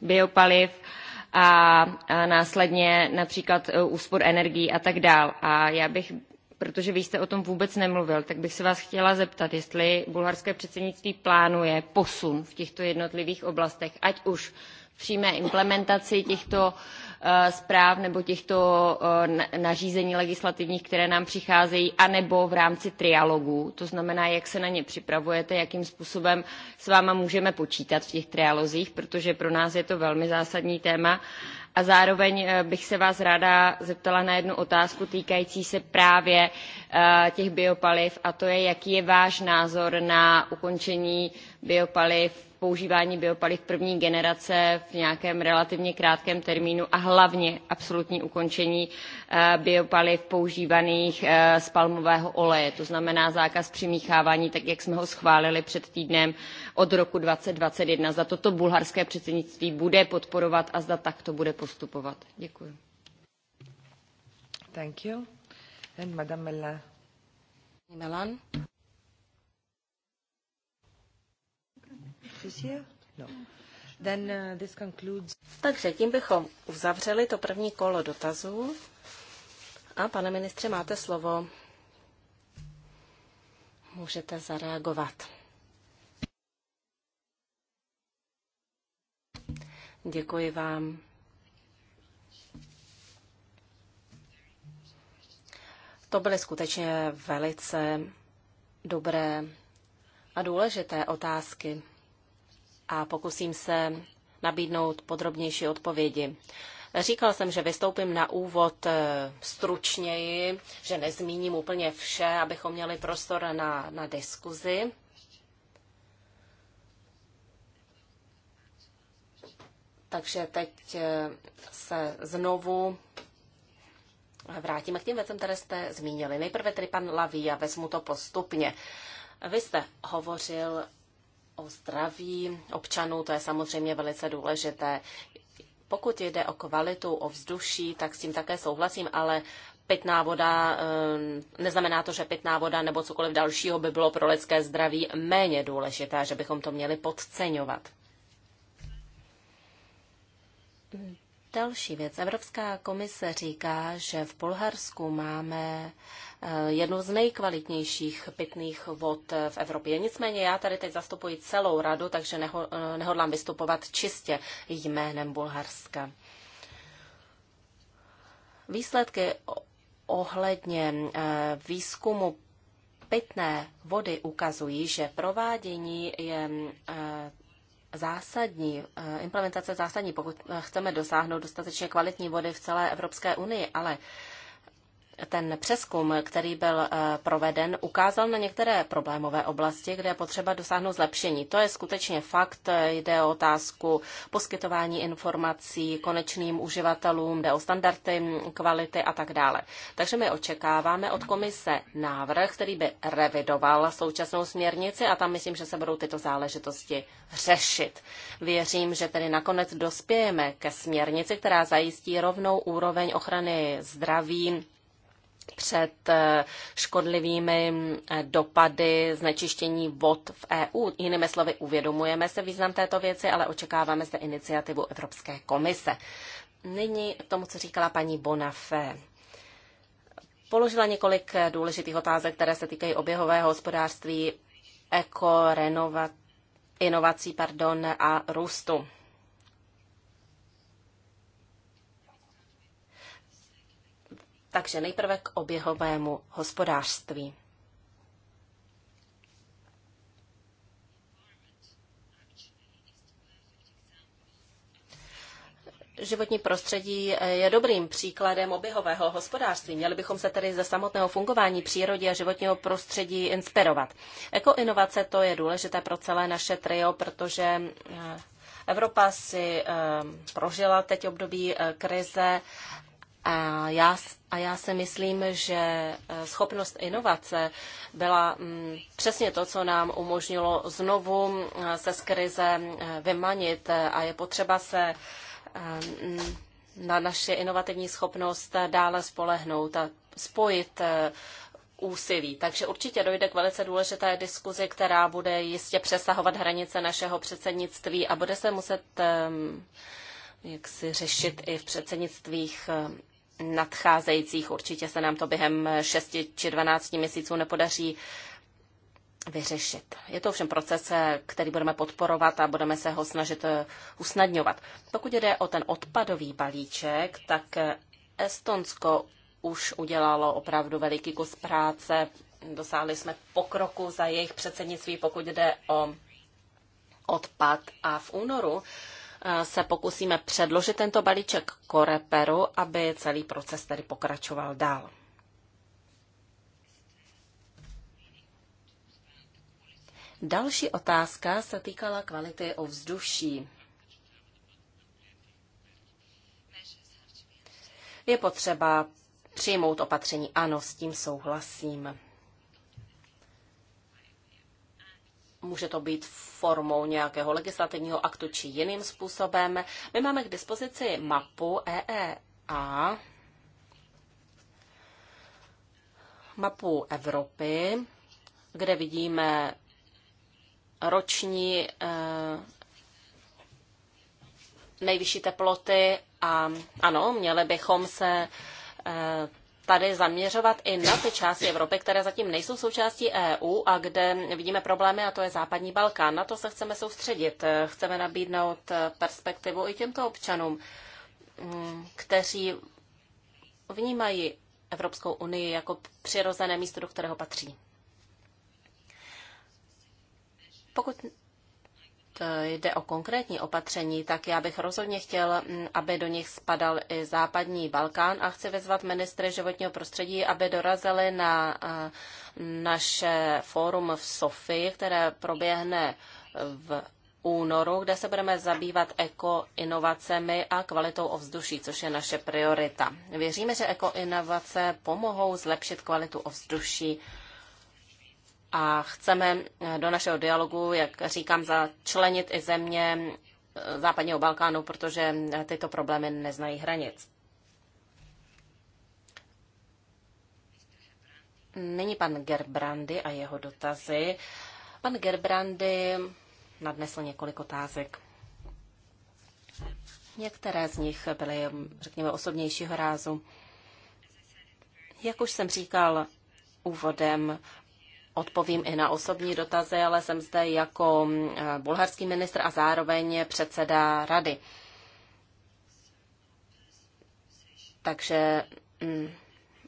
biopaliv a, následně například úspor energií a tak dál. A já bych protože vy jste o tom vůbec nemluvil, tak bych se vás chtěla zeptat, jestli bulharské předsednictví plánuje posun v těchto jednotlivých oblastech, ať už přímé implementaci těchto eh, zpráv nebo těchto eh, nařízení legislativních, které nám přicházejí, anebo v rámci trialogů, to znamená, jak se na ně připravujete, jakým způsobem s váma můžeme počítat v těch trialozích, protože pro nás je to velmi zásadní téma. A zároveň eh, bych se vás ráda zeptala na jednu otázku týkající se právě těch biopaliv, a to je, jaký je váš názor na ukončení biopaliv, používání biopaliv první generace v nějakém relativně krátkém termínu a hlavně absolutní ukončení eh, biopaliv používaných z eh, palmového oleje. To znamená zákaz přimíchávání, tak jak jsme ho schválili před týdnem od roku 2021. Zda toto bulharské předsednictví bude podporovat a zda takto bude postupovat. Děkuji. Thank you. And Madame No. Uh, Takže tím bychom uzavřeli to první kolo dotazů. A pane ministře, máte slovo. Můžete zareagovat. Děkuji vám. To byly skutečně velice dobré a důležité otázky a pokusím se nabídnout podrobnější odpovědi. Říkal jsem, že vystoupím na úvod eh, stručněji, že nezmíním úplně vše, abychom měli prostor na, na diskuzi. Takže teď eh, se znovu vrátíme k těm věcem, které jste zmínili. Nejprve tedy pan Laví a vezmu to postupně. Vy jste hovořil o zdraví občanů, to je samozřejmě velice důležité. Pokud jde o kvalitu o vzduší, tak s tím také souhlasím, ale pitná voda, eh, neznamená to, že pitná voda nebo cokoliv dalšího by bylo pro lidské zdraví méně důležité, že bychom to měli podceňovat. Další věc. Evropská komise říká, že v Bulharsku máme Eh, jednu z nejkvalitnějších pitných vod v Evropě. Nicméně já tady teď zastupuji celou radu, takže neho, eh, nehodlám vystupovat čistě jménem Bulharska. Výsledky ohledně eh, výzkumu pitné vody ukazují, že provádění je zásadní, implementace zásadní, pokud chceme dosáhnout dostatečně kvalitní vody v celé Evropské unii, ale ten přeskum, který byl eh, proveden, ukázal na některé problémové oblasti, kde je potřeba dosáhnout zlepšení. To je skutečně fakt. Eh, jde o otázku poskytování informací konečným uživatelům, jde o standardy mm, kvality a tak dále. Takže my očekáváme od komise návrh, který by revidoval současnou směrnici a tam myslím, že se budou tyto záležitosti řešit. Věřím, že tedy nakonec dospějeme ke směrnici, která zajistí rovnou úroveň ochrany zdraví před eh, škodlivými eh, dopady znečištění vod v EU. Jinými slovy, uvědomujeme se význam této věci, ale očekáváme zde iniciativu Evropské komise. Nyní k tomu, co říkala paní Bonafé. Položila několik eh, důležitých otázek, které se týkají oběhového hospodářství, eko, renovat, inovací pardon, a růstu. Takže nejprve k oběhovému hospodářství. životní prostředí je dobrým příkladem oběhového hospodářství. Měli bychom se tedy ze samotného fungování přírody a životního prostředí inspirovat. Ekoinovace to je důležité pro celé naše trio, protože eh, Evropa si eh, prožila teď období eh, krize a já, a já si myslím, že eh, schopnost inovace byla mm, přesně to, co nám umožnilo znovu eh, se z krize eh, vymanit a je potřeba se mm, na naše inovativní schopnost dále spolehnout a spojit úsilí. Takže určitě dojde k velice důležité diskuzi, která bude jistě přesahovat hranice našeho předsednictví a bude se muset ehm, jak si řešit i v předsednictvích ehm, nadcházejících. Určitě se nám to během 6 či 12 měsíců nepodaří vyřešit. Je to ovšem proces, který budeme podporovat a budeme se ho snažit eh, usnadňovat. Pokud jde o ten odpadový balíček, tak Estonsko už udělalo opravdu veliký kus práce. Dosáhli jsme pokroku za jejich předsednictví, pokud jde o odpad. A v únoru se pokusíme předložit tento balíček koreperu, aby celý proces tedy pokračoval dál. Další otázka se týkala kvality ovzduší. Je potřeba přijmout opatření. Ano, s tím souhlasím. Může to být formou nějakého legislativního aktu či jiným způsobem. My máme k dispozici mapu EEA, mapu Evropy, kde vidíme roční eh, nejvyšší teploty a ano, měli bychom se eh, tady zaměřovat i na ty části Evropy, které zatím nejsou součástí EU a kde vidíme problémy, a to je západní Balkán. Na to se chceme soustředit. Chceme nabídnout perspektivu i těmto občanům, mm, kteří vnímají Evropskou unii jako přirozené místo, do kterého patří. Pokud jde o konkrétní opatření, tak já bych rozhodně chtěl, mm, aby do nich spadal i západní Balkán a chci vyzvat ministry životního prostředí, aby dorazili na eh, naše fórum v Sofii, které proběhne v únoru, kde se budeme zabývat ekoinovacemi a kvalitou ovzduší, což je naše priorita. Věříme, že ekoinovace pomohou zlepšit kvalitu ovzduší a chceme eh, do našeho dialogu, jak říkám, začlenit i země eh, západního Balkánu, protože eh, tyto problémy neznají hranic. Nyní pan Gerbrandy a jeho dotazy. Pan Gerbrandy nadnesl několik otázek. Některé z nich byly, řekněme, osobnějšího rázu. Jak už jsem říkal úvodem, odpovím i na osobní dotazy, ale jsem zde jako mm, eh, bulharský ministr a zároveň předseda rady. Takže mm,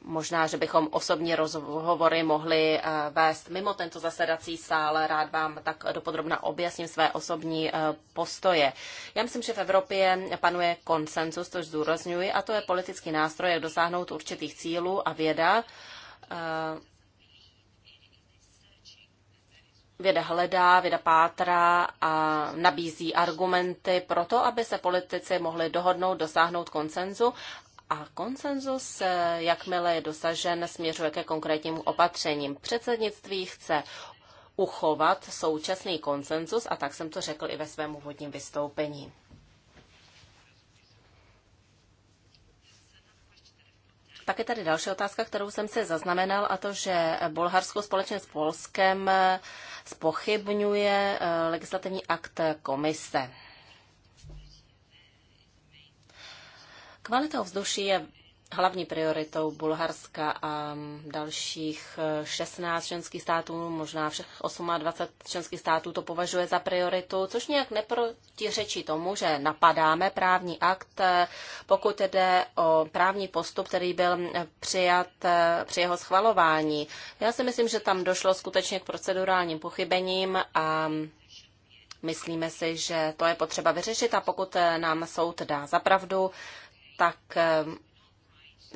možná, že bychom osobní rozhovory mohli eh, vést mimo tento zasedací sál. Rád vám tak dopodrobna objasním své osobní eh, postoje. Já myslím, že v Evropě panuje konsenzus, což zdůrazňuji, a to je politický nástroj, jak dosáhnout určitých cílů a věda Věda hledá, věda pátrá a nabízí argumenty pro to, aby se politici mohli dohodnout, dosáhnout konsenzu a konsenzus, eh, jakmile je dosažen, směřuje ke konkrétním opatřením. Předsednictví chce uchovat současný konsenzus a tak jsem to řekl i ve svém úvodním vystoupení. Tak je tady další otázka, kterou jsem si zaznamenal, a to, že Bulharsko společně s Polskem eh, spochybňuje eh, legislativní akt komise. Kvalita ovzduší je hlavní prioritou Bulharska a mm, dalších 16 eh, členských států, možná všech 28 členských států to považuje za prioritu, což nějak neprotiřečí tomu, že napadáme právní akt, eh, pokud jde o právní postup, který byl mm, přijat eh, při jeho schvalování. Já si myslím, že tam došlo skutečně k procedurálním pochybením a mm, myslíme si, že to je potřeba vyřešit a pokud nám soud dá zapravdu, tak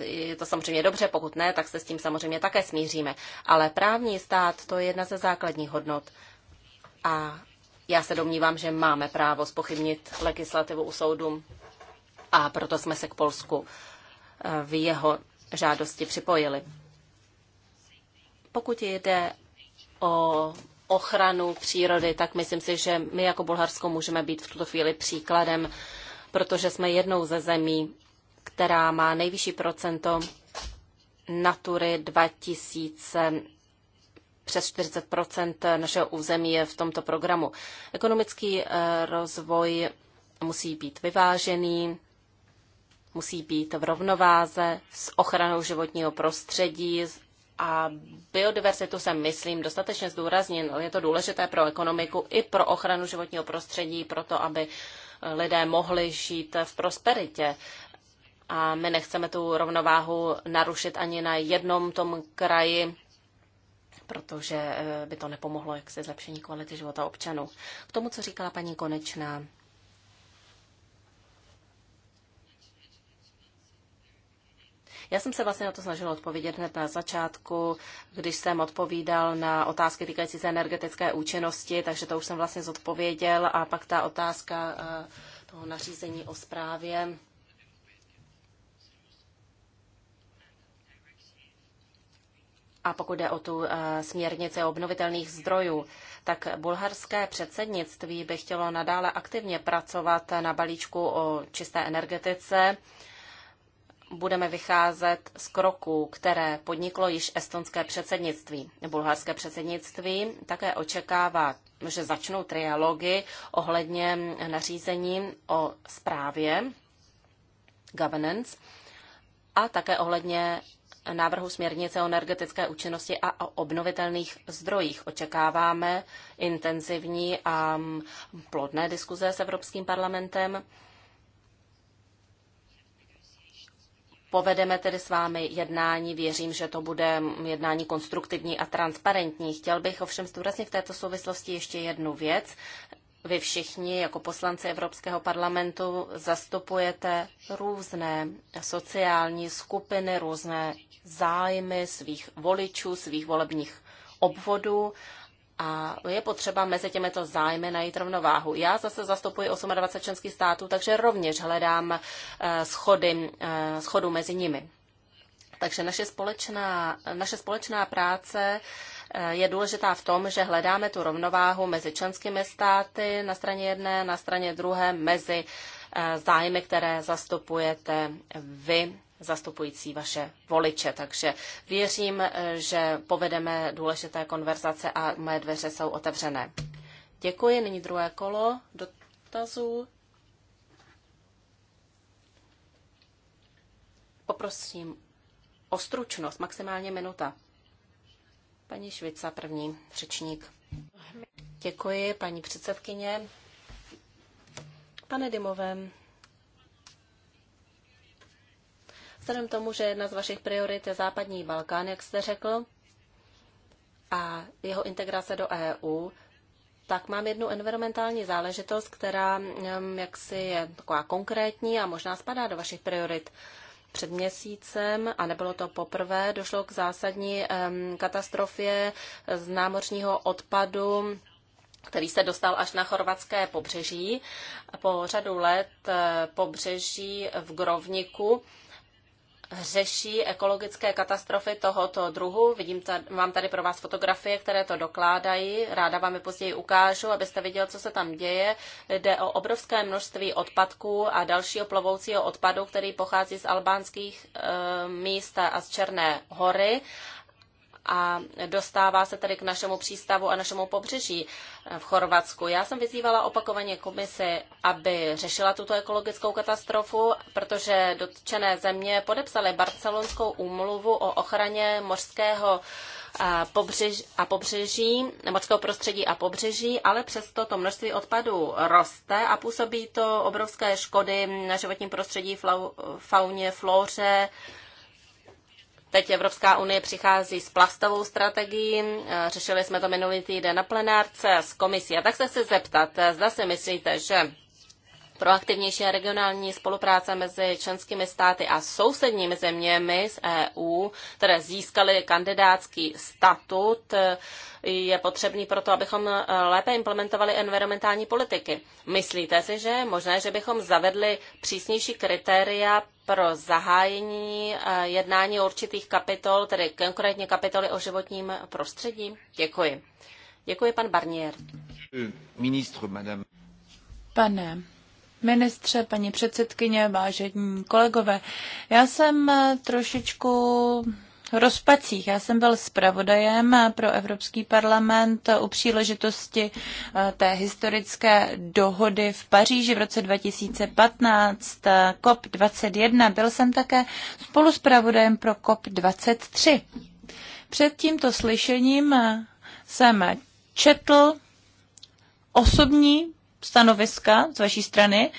je to samozřejmě dobře, pokud ne, tak se s tím samozřejmě také smíříme. Ale právní stát to je jedna ze základních hodnot. A já se domnívám, že máme právo spochybnit legislativu u soudu a proto jsme se k Polsku eh, v jeho žádosti připojili. Pokud jde o ochranu přírody, tak myslím si, že my jako Bulharsko můžeme být v tuto chvíli příkladem, protože jsme jednou ze zemí, která má nejvyšší procento Natury 2000 přes 40 našeho území je v tomto programu. Ekonomický eh, rozvoj musí být vyvážený, musí být v rovnováze s ochranou životního prostředí a biodiverzitu jsem, myslím, dostatečně zdůraznil. Je to důležité pro ekonomiku i pro ochranu životního prostředí, proto aby lidé mohli žít v prosperitě a my nechceme tu rovnováhu narušit ani na jednom tom kraji, protože eh, by to nepomohlo jak se zlepšení kvality života občanů. K tomu, co říkala paní Konečná, Já jsem se vlastně na to snažil odpovědět hned na začátku, když jsem odpovídal na otázky týkající se energetické účinnosti, takže to už jsem vlastně zodpověděl. A pak ta otázka eh, toho nařízení o správě. A pokud jde o tu eh, směrnici o obnovitelných zdrojů, tak bulharské předsednictví by chtělo nadále aktivně pracovat na balíčku o čisté energetice. Budeme vycházet z kroků, které podniklo již estonské předsednictví. Bulharské předsednictví také očekává, že začnou trialogy ohledně nařízení o správě governance a také ohledně návrhu směrnice o energetické účinnosti a o obnovitelných zdrojích. Očekáváme intenzivní a mm, plodné diskuze s Evropským parlamentem. Povedeme tedy s vámi jednání, věřím, že to bude mm, jednání konstruktivní a transparentní. Chtěl bych ovšem zdůraznit v této souvislosti ještě jednu věc vy všichni jako poslanci Evropského parlamentu zastupujete různé sociální skupiny, různé zájmy svých voličů, svých volebních obvodů a je potřeba mezi těmito zájmy najít rovnováhu. Já zase zastupuji 28 členských států, takže rovněž hledám eh, schody, eh, schodu mezi nimi. Takže naše společná, naše společná práce je důležitá v tom, že hledáme tu rovnováhu mezi členskými státy na straně jedné, na straně druhé, mezi eh, zájmy, které zastupujete vy zastupující vaše voliče. Takže věřím, eh, že povedeme důležité konverzace a moje dveře jsou otevřené. Děkuji. Nyní druhé kolo dotazů. Poprosím o stručnost, maximálně minuta. Paní Švica, první řečník. Děkuji, paní předsedkyně. Pane Dymové, vzhledem tomu, že jedna z vašich priorit je západní Balkán, jak jste řekl, a jeho integrace do EU, tak mám jednu environmentální záležitost, která mm, jaksi je taková konkrétní a možná spadá do vašich priorit před měsícem, a nebylo to poprvé, došlo k zásadní katastrofě z námořního odpadu který se dostal až na chorvatské pobřeží. Po řadu let eh, pobřeží v Grovniku řeší ekologické katastrofy tohoto druhu. Vidím tady, mám tady pro vás fotografie, které to dokládají. Ráda vám je později ukážu, abyste viděl, co se tam děje. Jde o obrovské množství odpadků a dalšího plovoucího odpadu, který pochází z albánských e, míst a z Černé hory a dostává se tedy k našemu přístavu a našemu pobřeží eh, v Chorvatsku. Já jsem vyzývala opakovaně komisi, aby řešila tuto ekologickou katastrofu, protože dotčené země podepsaly barcelonskou úmluvu o ochraně mořského a, eh, pobřež, a pobřeží, mořského prostředí a pobřeží, ale přesto to množství odpadů roste a působí to obrovské škody na životním prostředí, flau, fauně, flóře, Teď Evropská unie přichází s plastovou strategií, eh, řešili jsme to minulý týden na plenárce s komisí. A tak se chci zeptat, eh, zda si myslíte, že Proaktivnější regionální spolupráce mezi členskými státy a sousedními zeměmi z EU, které získaly kandidátský statut, je potřebný proto, abychom lépe implementovali environmentální politiky. Myslíte si, že je možné, že bychom zavedli přísnější kritéria pro zahájení eh, jednání určitých kapitol, tedy konkrétně kapitoly o životním prostředí? Děkuji. Děkuji, pan Barnier. Ministr, madame. Pane ministře, paní předsedkyně, vážení kolegové. Já jsem eh, trošičku rozpacích. Já jsem byl zpravodajem eh, pro Evropský parlament eh, u příležitosti té historické dohody v Paříži v roce 2015, COP21. Byl jsem také spolu zpravodajem pro COP23. Před tímto slyšením jsem četl osobní stanoviska z vaší strany,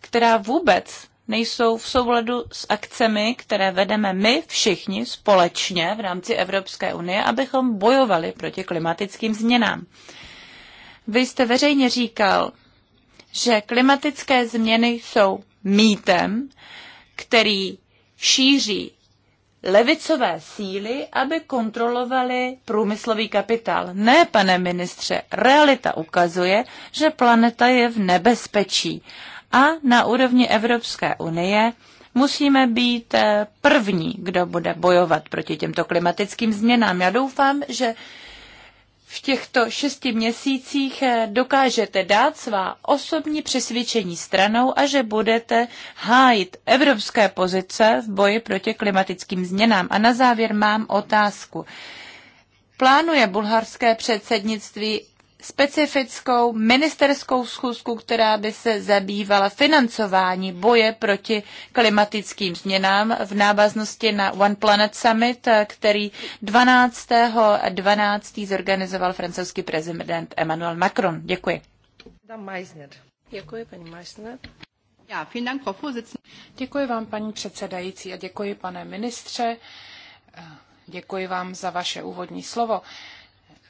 která vůbec nejsou v souladu s akcemi, které vedeme my všichni společně v rámci Evropské unie, abychom bojovali proti klimatickým změnám. Vy jste veřejně říkal, že klimatické změny jsou mýtem, který šíří levicové síly, aby kontrolovali průmyslový kapitál. Ne, pane ministře, realita ukazuje, že planeta je v nebezpečí. A na úrovni Evropské unie musíme být eh, první, kdo bude bojovat proti těmto klimatickým změnám. Já doufám, že v těchto šesti měsících eh, dokážete dát svá osobní přesvědčení stranou a že budete hájit evropské pozice v boji proti klimatickým změnám. A na závěr mám otázku. Plánuje bulharské předsednictví specifickou ministerskou schůzku, která by se zabývala financování boje proti klimatickým změnám v návaznosti na One Planet Summit, který 12. 12. zorganizoval francouzský prezident Emmanuel Macron. Děkuji. Děkuji, paní Meissner. Děkuji vám, paní předsedající, a děkuji, pane ministře. Děkuji vám za vaše úvodní slovo.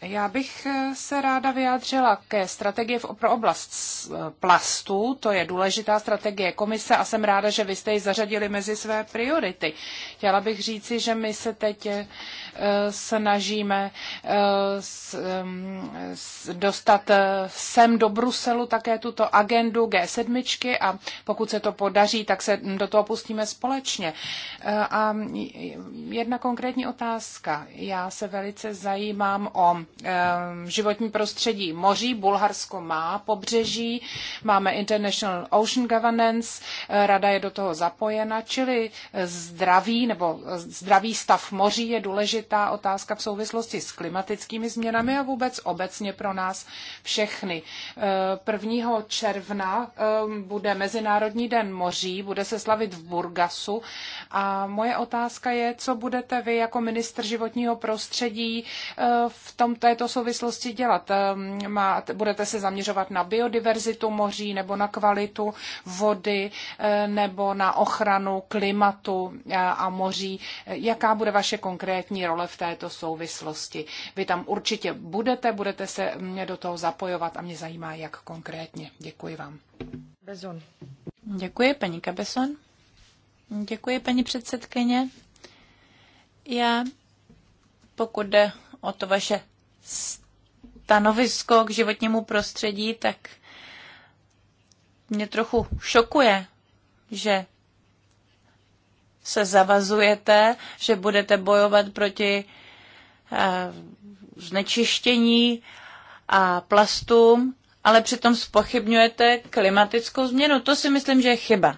Já bych eh, se ráda vyjádřila ke strategii pro oblast eh, plastu. To je důležitá strategie komise a jsem ráda, že vy jste ji zařadili mezi své priority. Chtěla bych říci, že my se teď eh, snažíme eh, dostat eh, sem do Bruselu také tuto agendu G7 a pokud se to podaří, tak se do toho pustíme společně. Eh, a jedna konkrétní otázka. Já se velice zajímám o životní prostředí moří. Bulharsko má pobřeží, máme International Ocean Governance, rada je do toho zapojena, čili zdraví nebo zdravý stav moří je důležitý důležitá otázka v souvislosti s klimatickými změnami a vůbec obecně pro nás všechny. 1. E, června e, bude Mezinárodní den moří, bude se slavit v Burgasu a moje otázka je, co budete vy jako ministr životního prostředí e, v tom, této souvislosti dělat. budete se zaměřovat na biodiverzitu moří nebo na kvalitu vody nebo na ochranu klimatu a moří. Jaká bude vaše konkrétní role? role v této souvislosti. Vy tam určitě budete, budete se mě do toho zapojovat a mě zajímá, jak konkrétně. Děkuji vám. Bezon. Děkuji, paní Kabeson. Děkuji, paní předsedkyně. Já, pokud jde o to vaše stanovisko k životnímu prostředí, tak mě trochu šokuje, že se zavazujete, že budete bojovat proti eh, znečištění a plastům, ale přitom spochybňujete klimatickou změnu. To si myslím, že je chyba.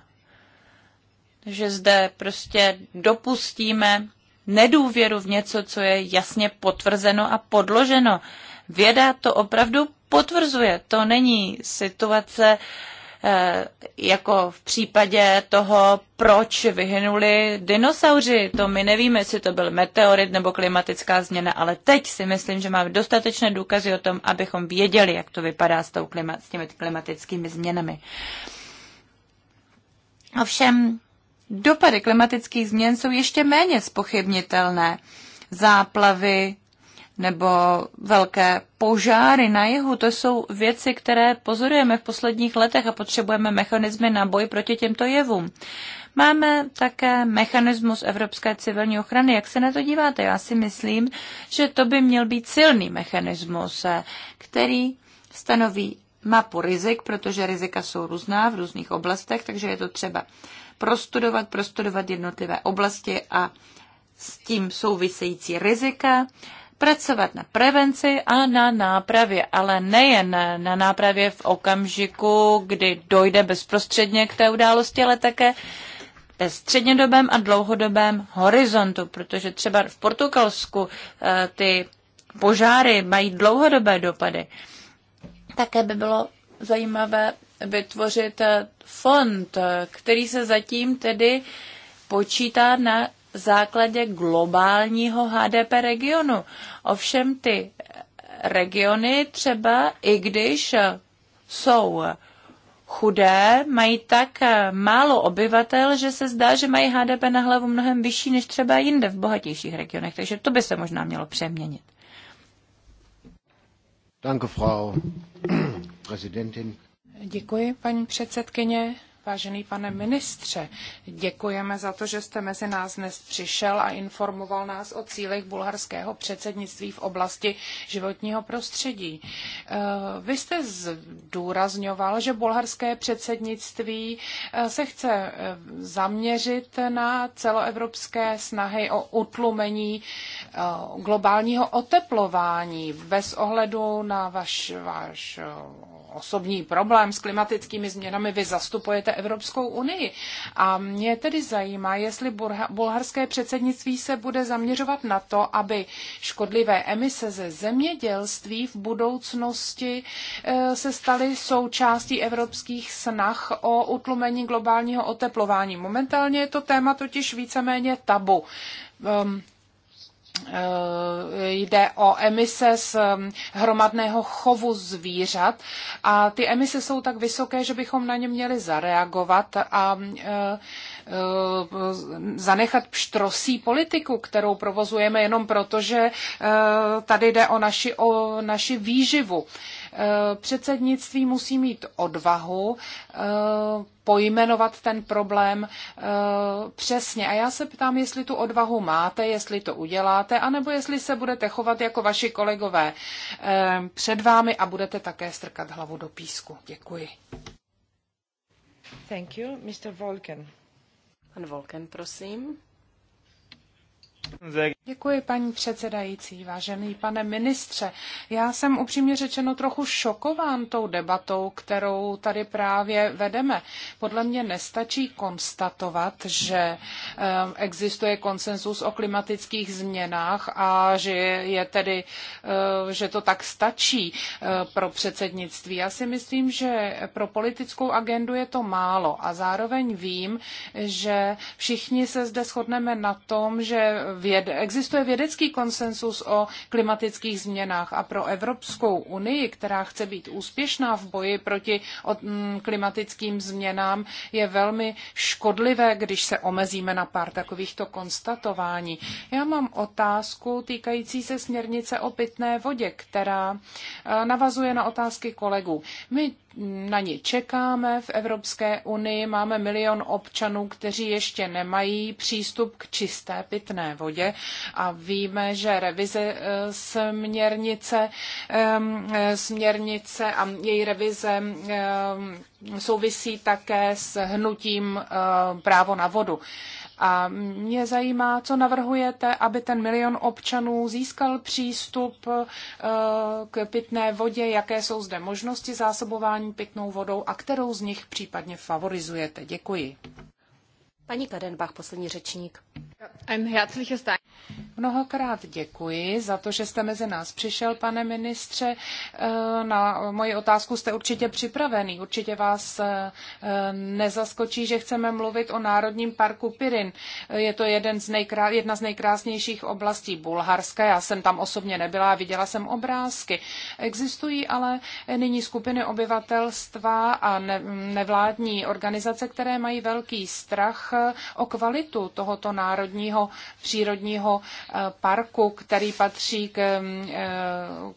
Že zde prostě dopustíme nedůvěru v něco, co je jasně potvrzeno a podloženo. Věda to opravdu potvrzuje. To není situace, Eh, jako v případě toho, proč vyhynuli dinosauři. To my nevíme, jestli to byl meteorit nebo klimatická změna, ale teď si myslím, že máme dostatečné důkazy o tom, abychom věděli, jak to vypadá s, tou klima- s těmi klimatickými změnami. Ovšem, dopady klimatických změn jsou ještě méně spochybnitelné. Záplavy, nebo velké požáry na jihu. To jsou věci, které pozorujeme v posledních letech a potřebujeme mechanismy na boj proti těmto jevům. Máme také mechanismus Evropské civilní ochrany. Jak se na to díváte? Já si myslím, že to by měl být silný mechanismus, který stanoví mapu rizik, protože rizika jsou různá v různých oblastech, takže je to třeba prostudovat, prostudovat jednotlivé oblasti a s tím související rizika pracovat na prevenci a na nápravě, ale nejen na nápravě v okamžiku, kdy dojde bezprostředně k té události, ale také ve střednědobém a dlouhodobém horizontu, protože třeba v Portugalsku eh, ty požáry mají dlouhodobé dopady. Také by bylo zajímavé vytvořit eh, fond, eh, který se zatím tedy počítá na základě globálního HDP regionu. Ovšem ty regiony třeba, i když jsou chudé, mají tak málo obyvatel, že se zdá, že mají HDP na hlavu mnohem vyšší než třeba jinde v bohatějších regionech. Takže to by se možná mělo přeměnit. Danke, Frau Präsidentin. Děkuji, paní předsedkyně. Vážený pane ministře, děkujeme za to, že jste mezi nás dnes přišel a informoval nás o cílech bulharského předsednictví v oblasti životního prostředí. Eh, vy jste zdůrazňoval, že bulharské předsednictví eh, se chce eh, zaměřit na celoevropské snahy o utlumení globálního oteplování bez ohledu na vaš, váš osobní problém s klimatickými změnami, vy zastupujete Evropskou unii. A mě tedy zajímá, jestli bulharské předsednictví se bude zaměřovat na to, aby škodlivé emise ze zemědělství v budoucnosti e, se staly součástí evropských snah o utlumení globálního oteplování. Momentálně je to téma totiž víceméně tabu. Ehm, Eh, jde o emise z mm, hromadného chovu zvířat a ty emise jsou tak vysoké, že bychom na ně měli zareagovat a mm, eh, Eh, zanechat pštrosí politiku, kterou provozujeme jenom proto, že eh, tady jde o naši, o naši výživu. Eh, předsednictví musí mít odvahu pojmenovat ten problém přesně. A já se ptám, jestli tu odvahu máte, jestli to uděláte, anebo jestli se budete chovat jako vaši kolegové před vámi a budete také strkat hlavu do písku. Děkuji. Thank you, Mr. Volken. Pan Volken, prosím. Děkuji, paní předsedající. Vážený pane ministře, já jsem upřímně řečeno trochu šokován tou debatou, kterou tady právě vedeme. Podle mě nestačí konstatovat, že eh, existuje konsenzus o klimatických změnách a že je tedy, eh, že to tak stačí eh, pro předsednictví. Já si myslím, že pro politickou agendu je to málo a zároveň vím, že všichni se zde shodneme na tom, že existuje vědecký konsensus o klimatických změnách a pro Evropskou unii, která chce být úspěšná v boji proti mm, klimatickým změnám, je velmi škodlivé, když se omezíme na pár takovýchto konstatování. Já mám otázku týkající se směrnice o pitné vodě, která eh, navazuje na otázky kolegů. My na ni čekáme v Evropské unii. Máme milion občanů, kteří ještě nemají přístup k čisté pitné vodě a víme, že revize eh, směrnice, eh, směrnice a její revize souvisí také s hnutím eh, právo na vodu. A mě zajímá, co navrhujete, aby ten milion občanů získal přístup eh, k pitné vodě, jaké jsou zde možnosti zásobování pitnou vodou a kterou z nich případně favorizujete. Děkuji. Paní Kadenbach, poslední řečník. Mnohokrát děkuji za to, že jste mezi nás přišel, pane ministře. Eh, na moji otázku jste určitě připravený. Určitě vás eh, nezaskočí, že chceme mluvit o Národním parku Pirin. Eh, je to jeden z nejkrá... jedna z nejkrásnějších oblastí Bulharska. Já jsem tam osobně nebyla, viděla jsem obrázky. Existují ale nyní skupiny obyvatelstva a nevládní organizace, které mají velký strach o kvalitu tohoto národního národního přírodního eh, parku, který patří k, mm, eh,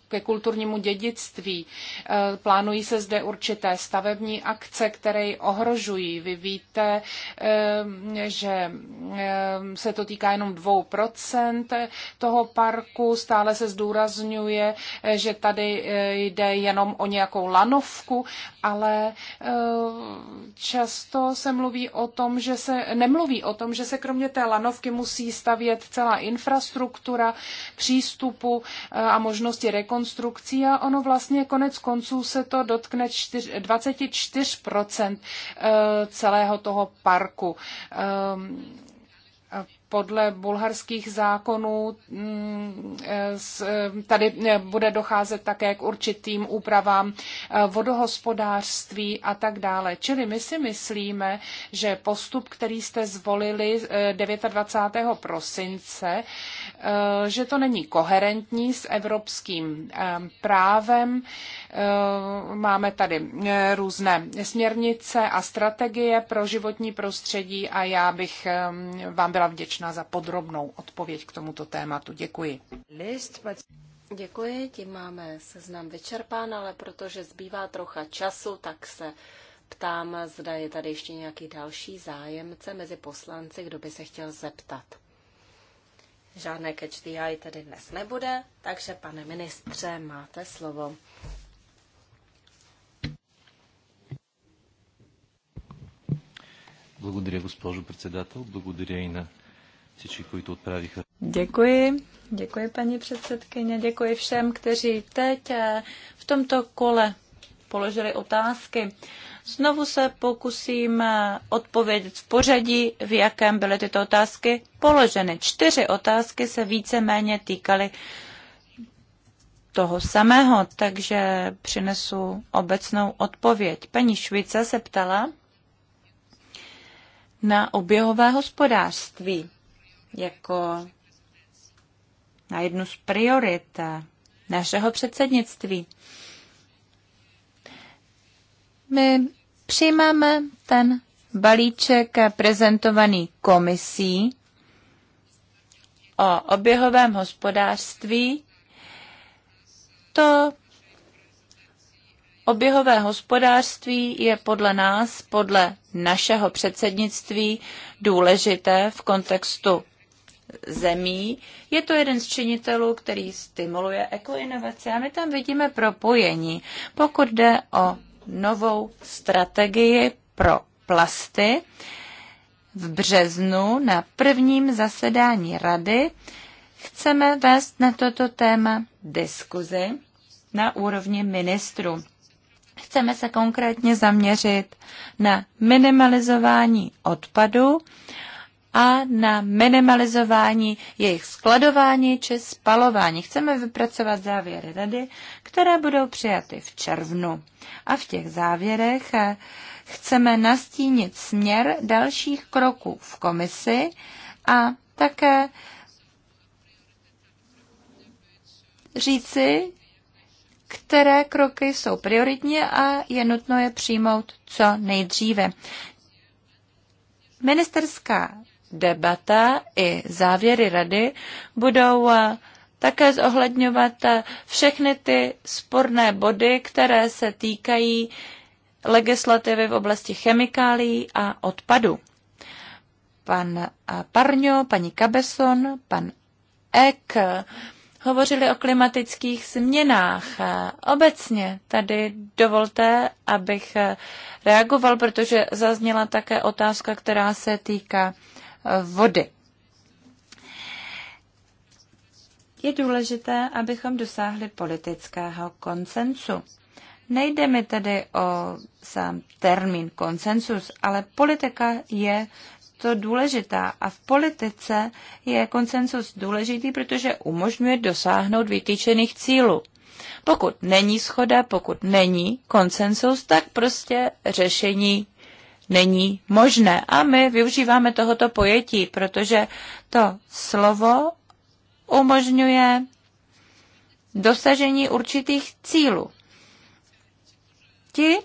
ke kulturnímu dědictví. Eh, plánují se zde určité stavební akce, které ohrožují. Vy víte, že se to týká jenom 2% toho parku. Stále se zdůrazňuje, že tady jde jenom o nějakou lanovku, ale často se mluví o tom, že se nemluví o tom, že se kromě té lanovky obrazovky musí stavět celá infrastruktura přístupu eh, a možnosti rekonstrukcí a ono vlastně konec konců se to dotkne 24% eh, celého toho parku. Ehm, podle bulharských zákonů mm, tady bude docházet také k určitým úpravám eh, vodohospodářství a tak dále. Čili my si myslíme, že postup, který jste zvolili eh, 29. prosince, Eh, že to není koherentní s evropským eh, právem. Eh, máme tady různé směrnice a strategie pro životní prostředí a já bych vám byla vděčná za podrobnou odpověď k tomuto tématu. Děkuji. Děkuji, tím máme seznam vyčerpán, ale protože zbývá trocha času, tak se ptám, zda je tady ještě nějaký další zájemce mezi poslanci, kdo by se chtěl zeptat. Žádné catch the eye tedy dnes nebude, takže pane ministře, máte slovo. Благодаря, госпожо председател. Благодаря и на всички, които отправиха. Děkuji. Děkuji, paní předsedkyně. Děkuji všem, kteří teď v tomto kole položili otázky. Znovu se pokusím odpovědět v pořadí, v jakém byly tyto otázky položeny. Čtyři otázky se víceméně týkaly toho samého, takže přinesu obecnou odpověď. Paní Švice se ptala na oběhové hospodářství jako na jednu z priorit našeho předsednictví. My přijímáme ten balíček prezentovaný komisí o oběhovém hospodářství. To oběhové hospodářství je podle nás, podle našeho předsednictví důležité v kontextu zemí. Je to jeden z činitelů, který stimuluje ekoinovace a my tam vidíme propojení, pokud jde o novou strategii pro plasty v březnu na prvním zasedání rady. Chceme vést na toto téma diskuzi na úrovni ministru Chceme se konkrétně zaměřit na minimalizování odpadu a na minimalizování jejich skladování či spalování. Chceme vypracovat závěry rady, které budou přijaty v červnu. A v těch závěrech eh, chceme nastínit směr dalších kroků v komisi a také říci, které kroky jsou prioritní a je nutno je přijmout co nejdříve. Ministerská debata i závěry rady budou eh, také zohledňovat eh, všechny ty sporné body, které se týkají legislativy v oblasti chemikálií a odpadu. Pan eh, Parňo, paní Kabeson, pan Ek hovořili o klimatických změnách. Obecně tady dovolte, abych reagoval, protože zazněla také otázka, která se týká vody. Je důležité, abychom dosáhli politického koncensu. Nejde mi tedy o sám termín konsensus, ale politika je to důležitá a v politice je konsensus důležitý, protože umožňuje dosáhnout vytýčených cílů. Pokud není schoda, pokud není konsensus, tak prostě řešení není možné. A my využíváme tohoto pojetí, protože to slovo umožňuje dosažení určitých cílů. Ti,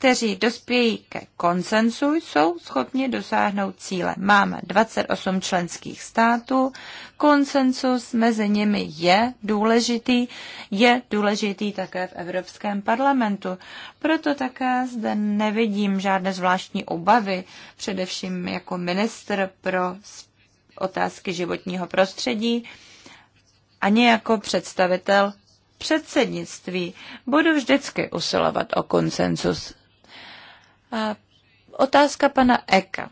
kteří dospějí ke konsensu, jsou schopni dosáhnout cíle. Máme 28 členských států, konsensus mezi nimi je důležitý, je důležitý také v Evropském parlamentu. Proto také zde nevidím žádné zvláštní obavy, především jako ministr pro otázky životního prostředí, ani jako představitel předsednictví budu vždycky usilovat o konsensus. Otázka pana Eka.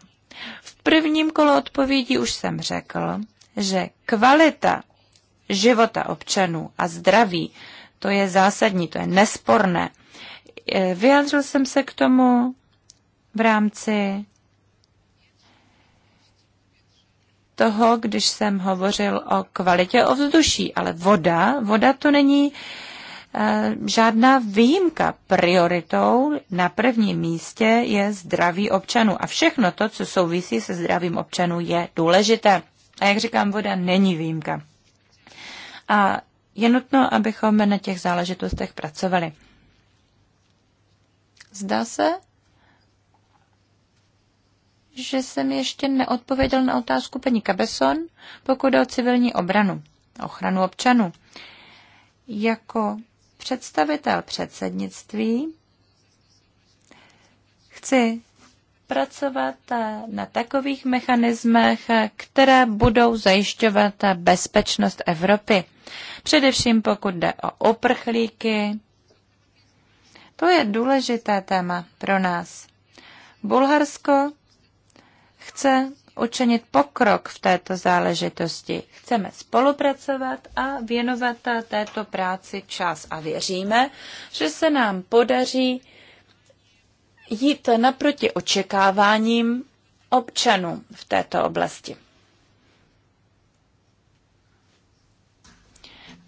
V prvním kole odpovědí už jsem řekl, že kvalita života občanů a zdraví, to je zásadní, to je nesporné. E, vyjádřil jsem se k tomu v rámci toho, když jsem hovořil o kvalitě ovzduší, ale voda, voda to není uh, Eh, žádná výjimka. Prioritou na prvním místě je zdraví občanů a všechno to, co souvisí se zdravím občanů, je důležité. A jak říkám, voda není výjimka. A je nutno, abychom na těch záležitostech pracovali. Zdá se, že jsem ještě neodpověděl na otázku paní Kabeson, pokud jde o civilní obranu, ochranu občanů. Jako představitel předsednictví chci pracovat eh, na takových mechanismech, eh, které budou zajišťovat eh, bezpečnost Evropy. Především pokud jde o oprchlíky. To je důležité téma pro nás. Bulharsko chce učinit pokrok v této záležitosti. Chceme spolupracovat a věnovat této práci čas a věříme, že se nám podaří jít naproti očekáváním občanů v této oblasti.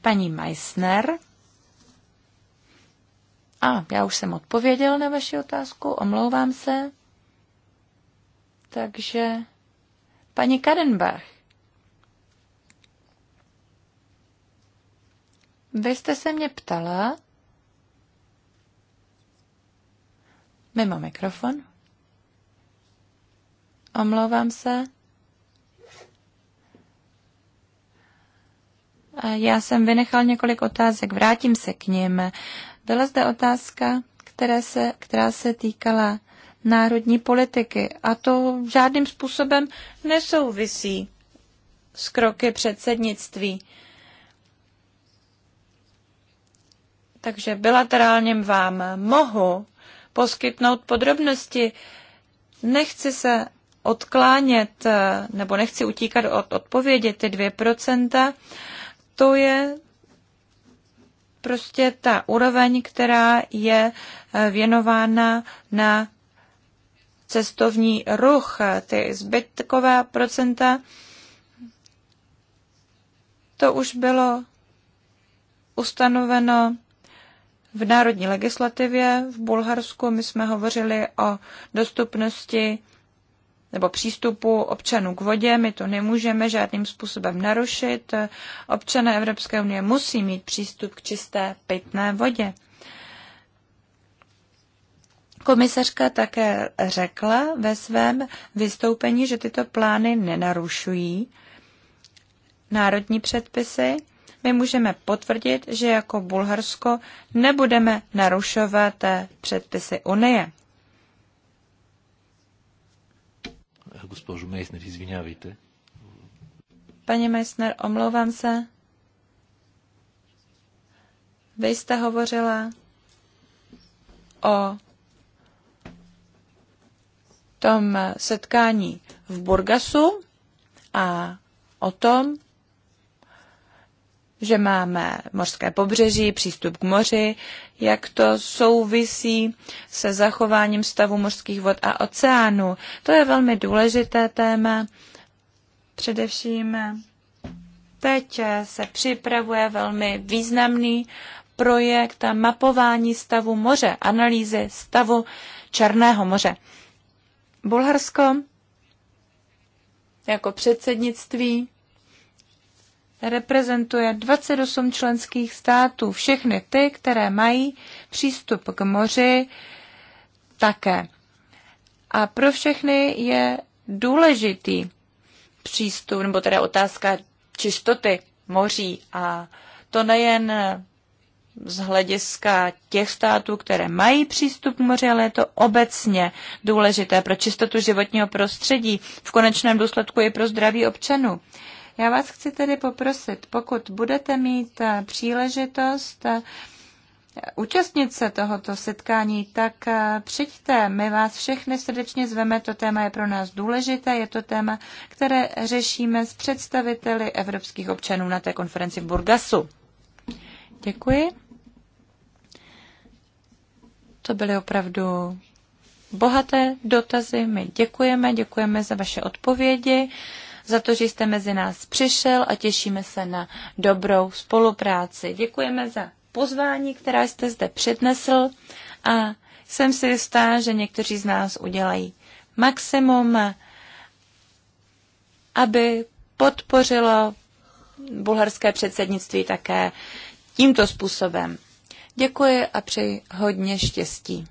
Paní Meissner. A, já už jsem odpověděl na vaši otázku, omlouvám se. Takže Paní Kadenbach, vy jste se mě ptala, mimo mikrofon, omlouvám se, Já jsem vynechal několik otázek, vrátím se k ním. Byla zde otázka, které se, která se týkala národní politiky. A to žádným způsobem nesouvisí s kroky předsednictví. Takže bilaterálně vám mohu poskytnout podrobnosti. Nechci se odklánět eh, nebo nechci utíkat od odpovědi. Ty 2%, to je prostě ta úroveň, která je eh, věnována na cestovní ruch. Ty zbytková procenta, to už bylo ustanoveno v národní legislativě v Bulharsku. My jsme hovořili o dostupnosti nebo přístupu občanů k vodě. My to nemůžeme žádným způsobem narušit. Občané Evropské unie musí mít přístup k čisté pitné vodě. Komisařka také řekla ve svém vystoupení, že tyto plány nenarušují národní předpisy. My můžeme potvrdit, že jako Bulharsko nebudeme narušovat předpisy Unie. Госпожо Paní Meissner, omlouvám se. Vy jste hovořila o tom setkání v Burgasu a o tom, že máme mořské pobřeží, přístup k moři, jak to souvisí se zachováním stavu mořských vod a oceánů. To je velmi důležité téma. Především teď se připravuje velmi významný projekt mapování stavu moře, analýzy stavu Černého moře. Bulharsko jako předsednictví reprezentuje 28 členských států, všechny ty, které mají přístup k moři také. A pro všechny je důležitý přístup, nebo teda otázka čistoty moří a to nejen z hlediska těch států, které mají přístup k moři, ale je to obecně důležité pro čistotu životního prostředí, v konečném důsledku i pro zdraví občanů. Já vás chci tedy poprosit, pokud budete mít eh, příležitost eh, účastnit se tohoto setkání, tak eh, přijďte, my vás všechny srdečně zveme, to téma je pro nás důležité, je to téma, které řešíme s představiteli evropských občanů na té konferenci v Burgasu. Děkuji. To byly opravdu bohaté dotazy. My děkujeme, děkujeme za vaše odpovědi, za to, že jste mezi nás přišel a těšíme se na dobrou spolupráci. Děkujeme za pozvání, která jste zde přednesl a jsem si jistá, že někteří z nás udělají maximum, aby podpořilo bulharské předsednictví také tímto způsobem. Děkuji a přeji hodně štěstí.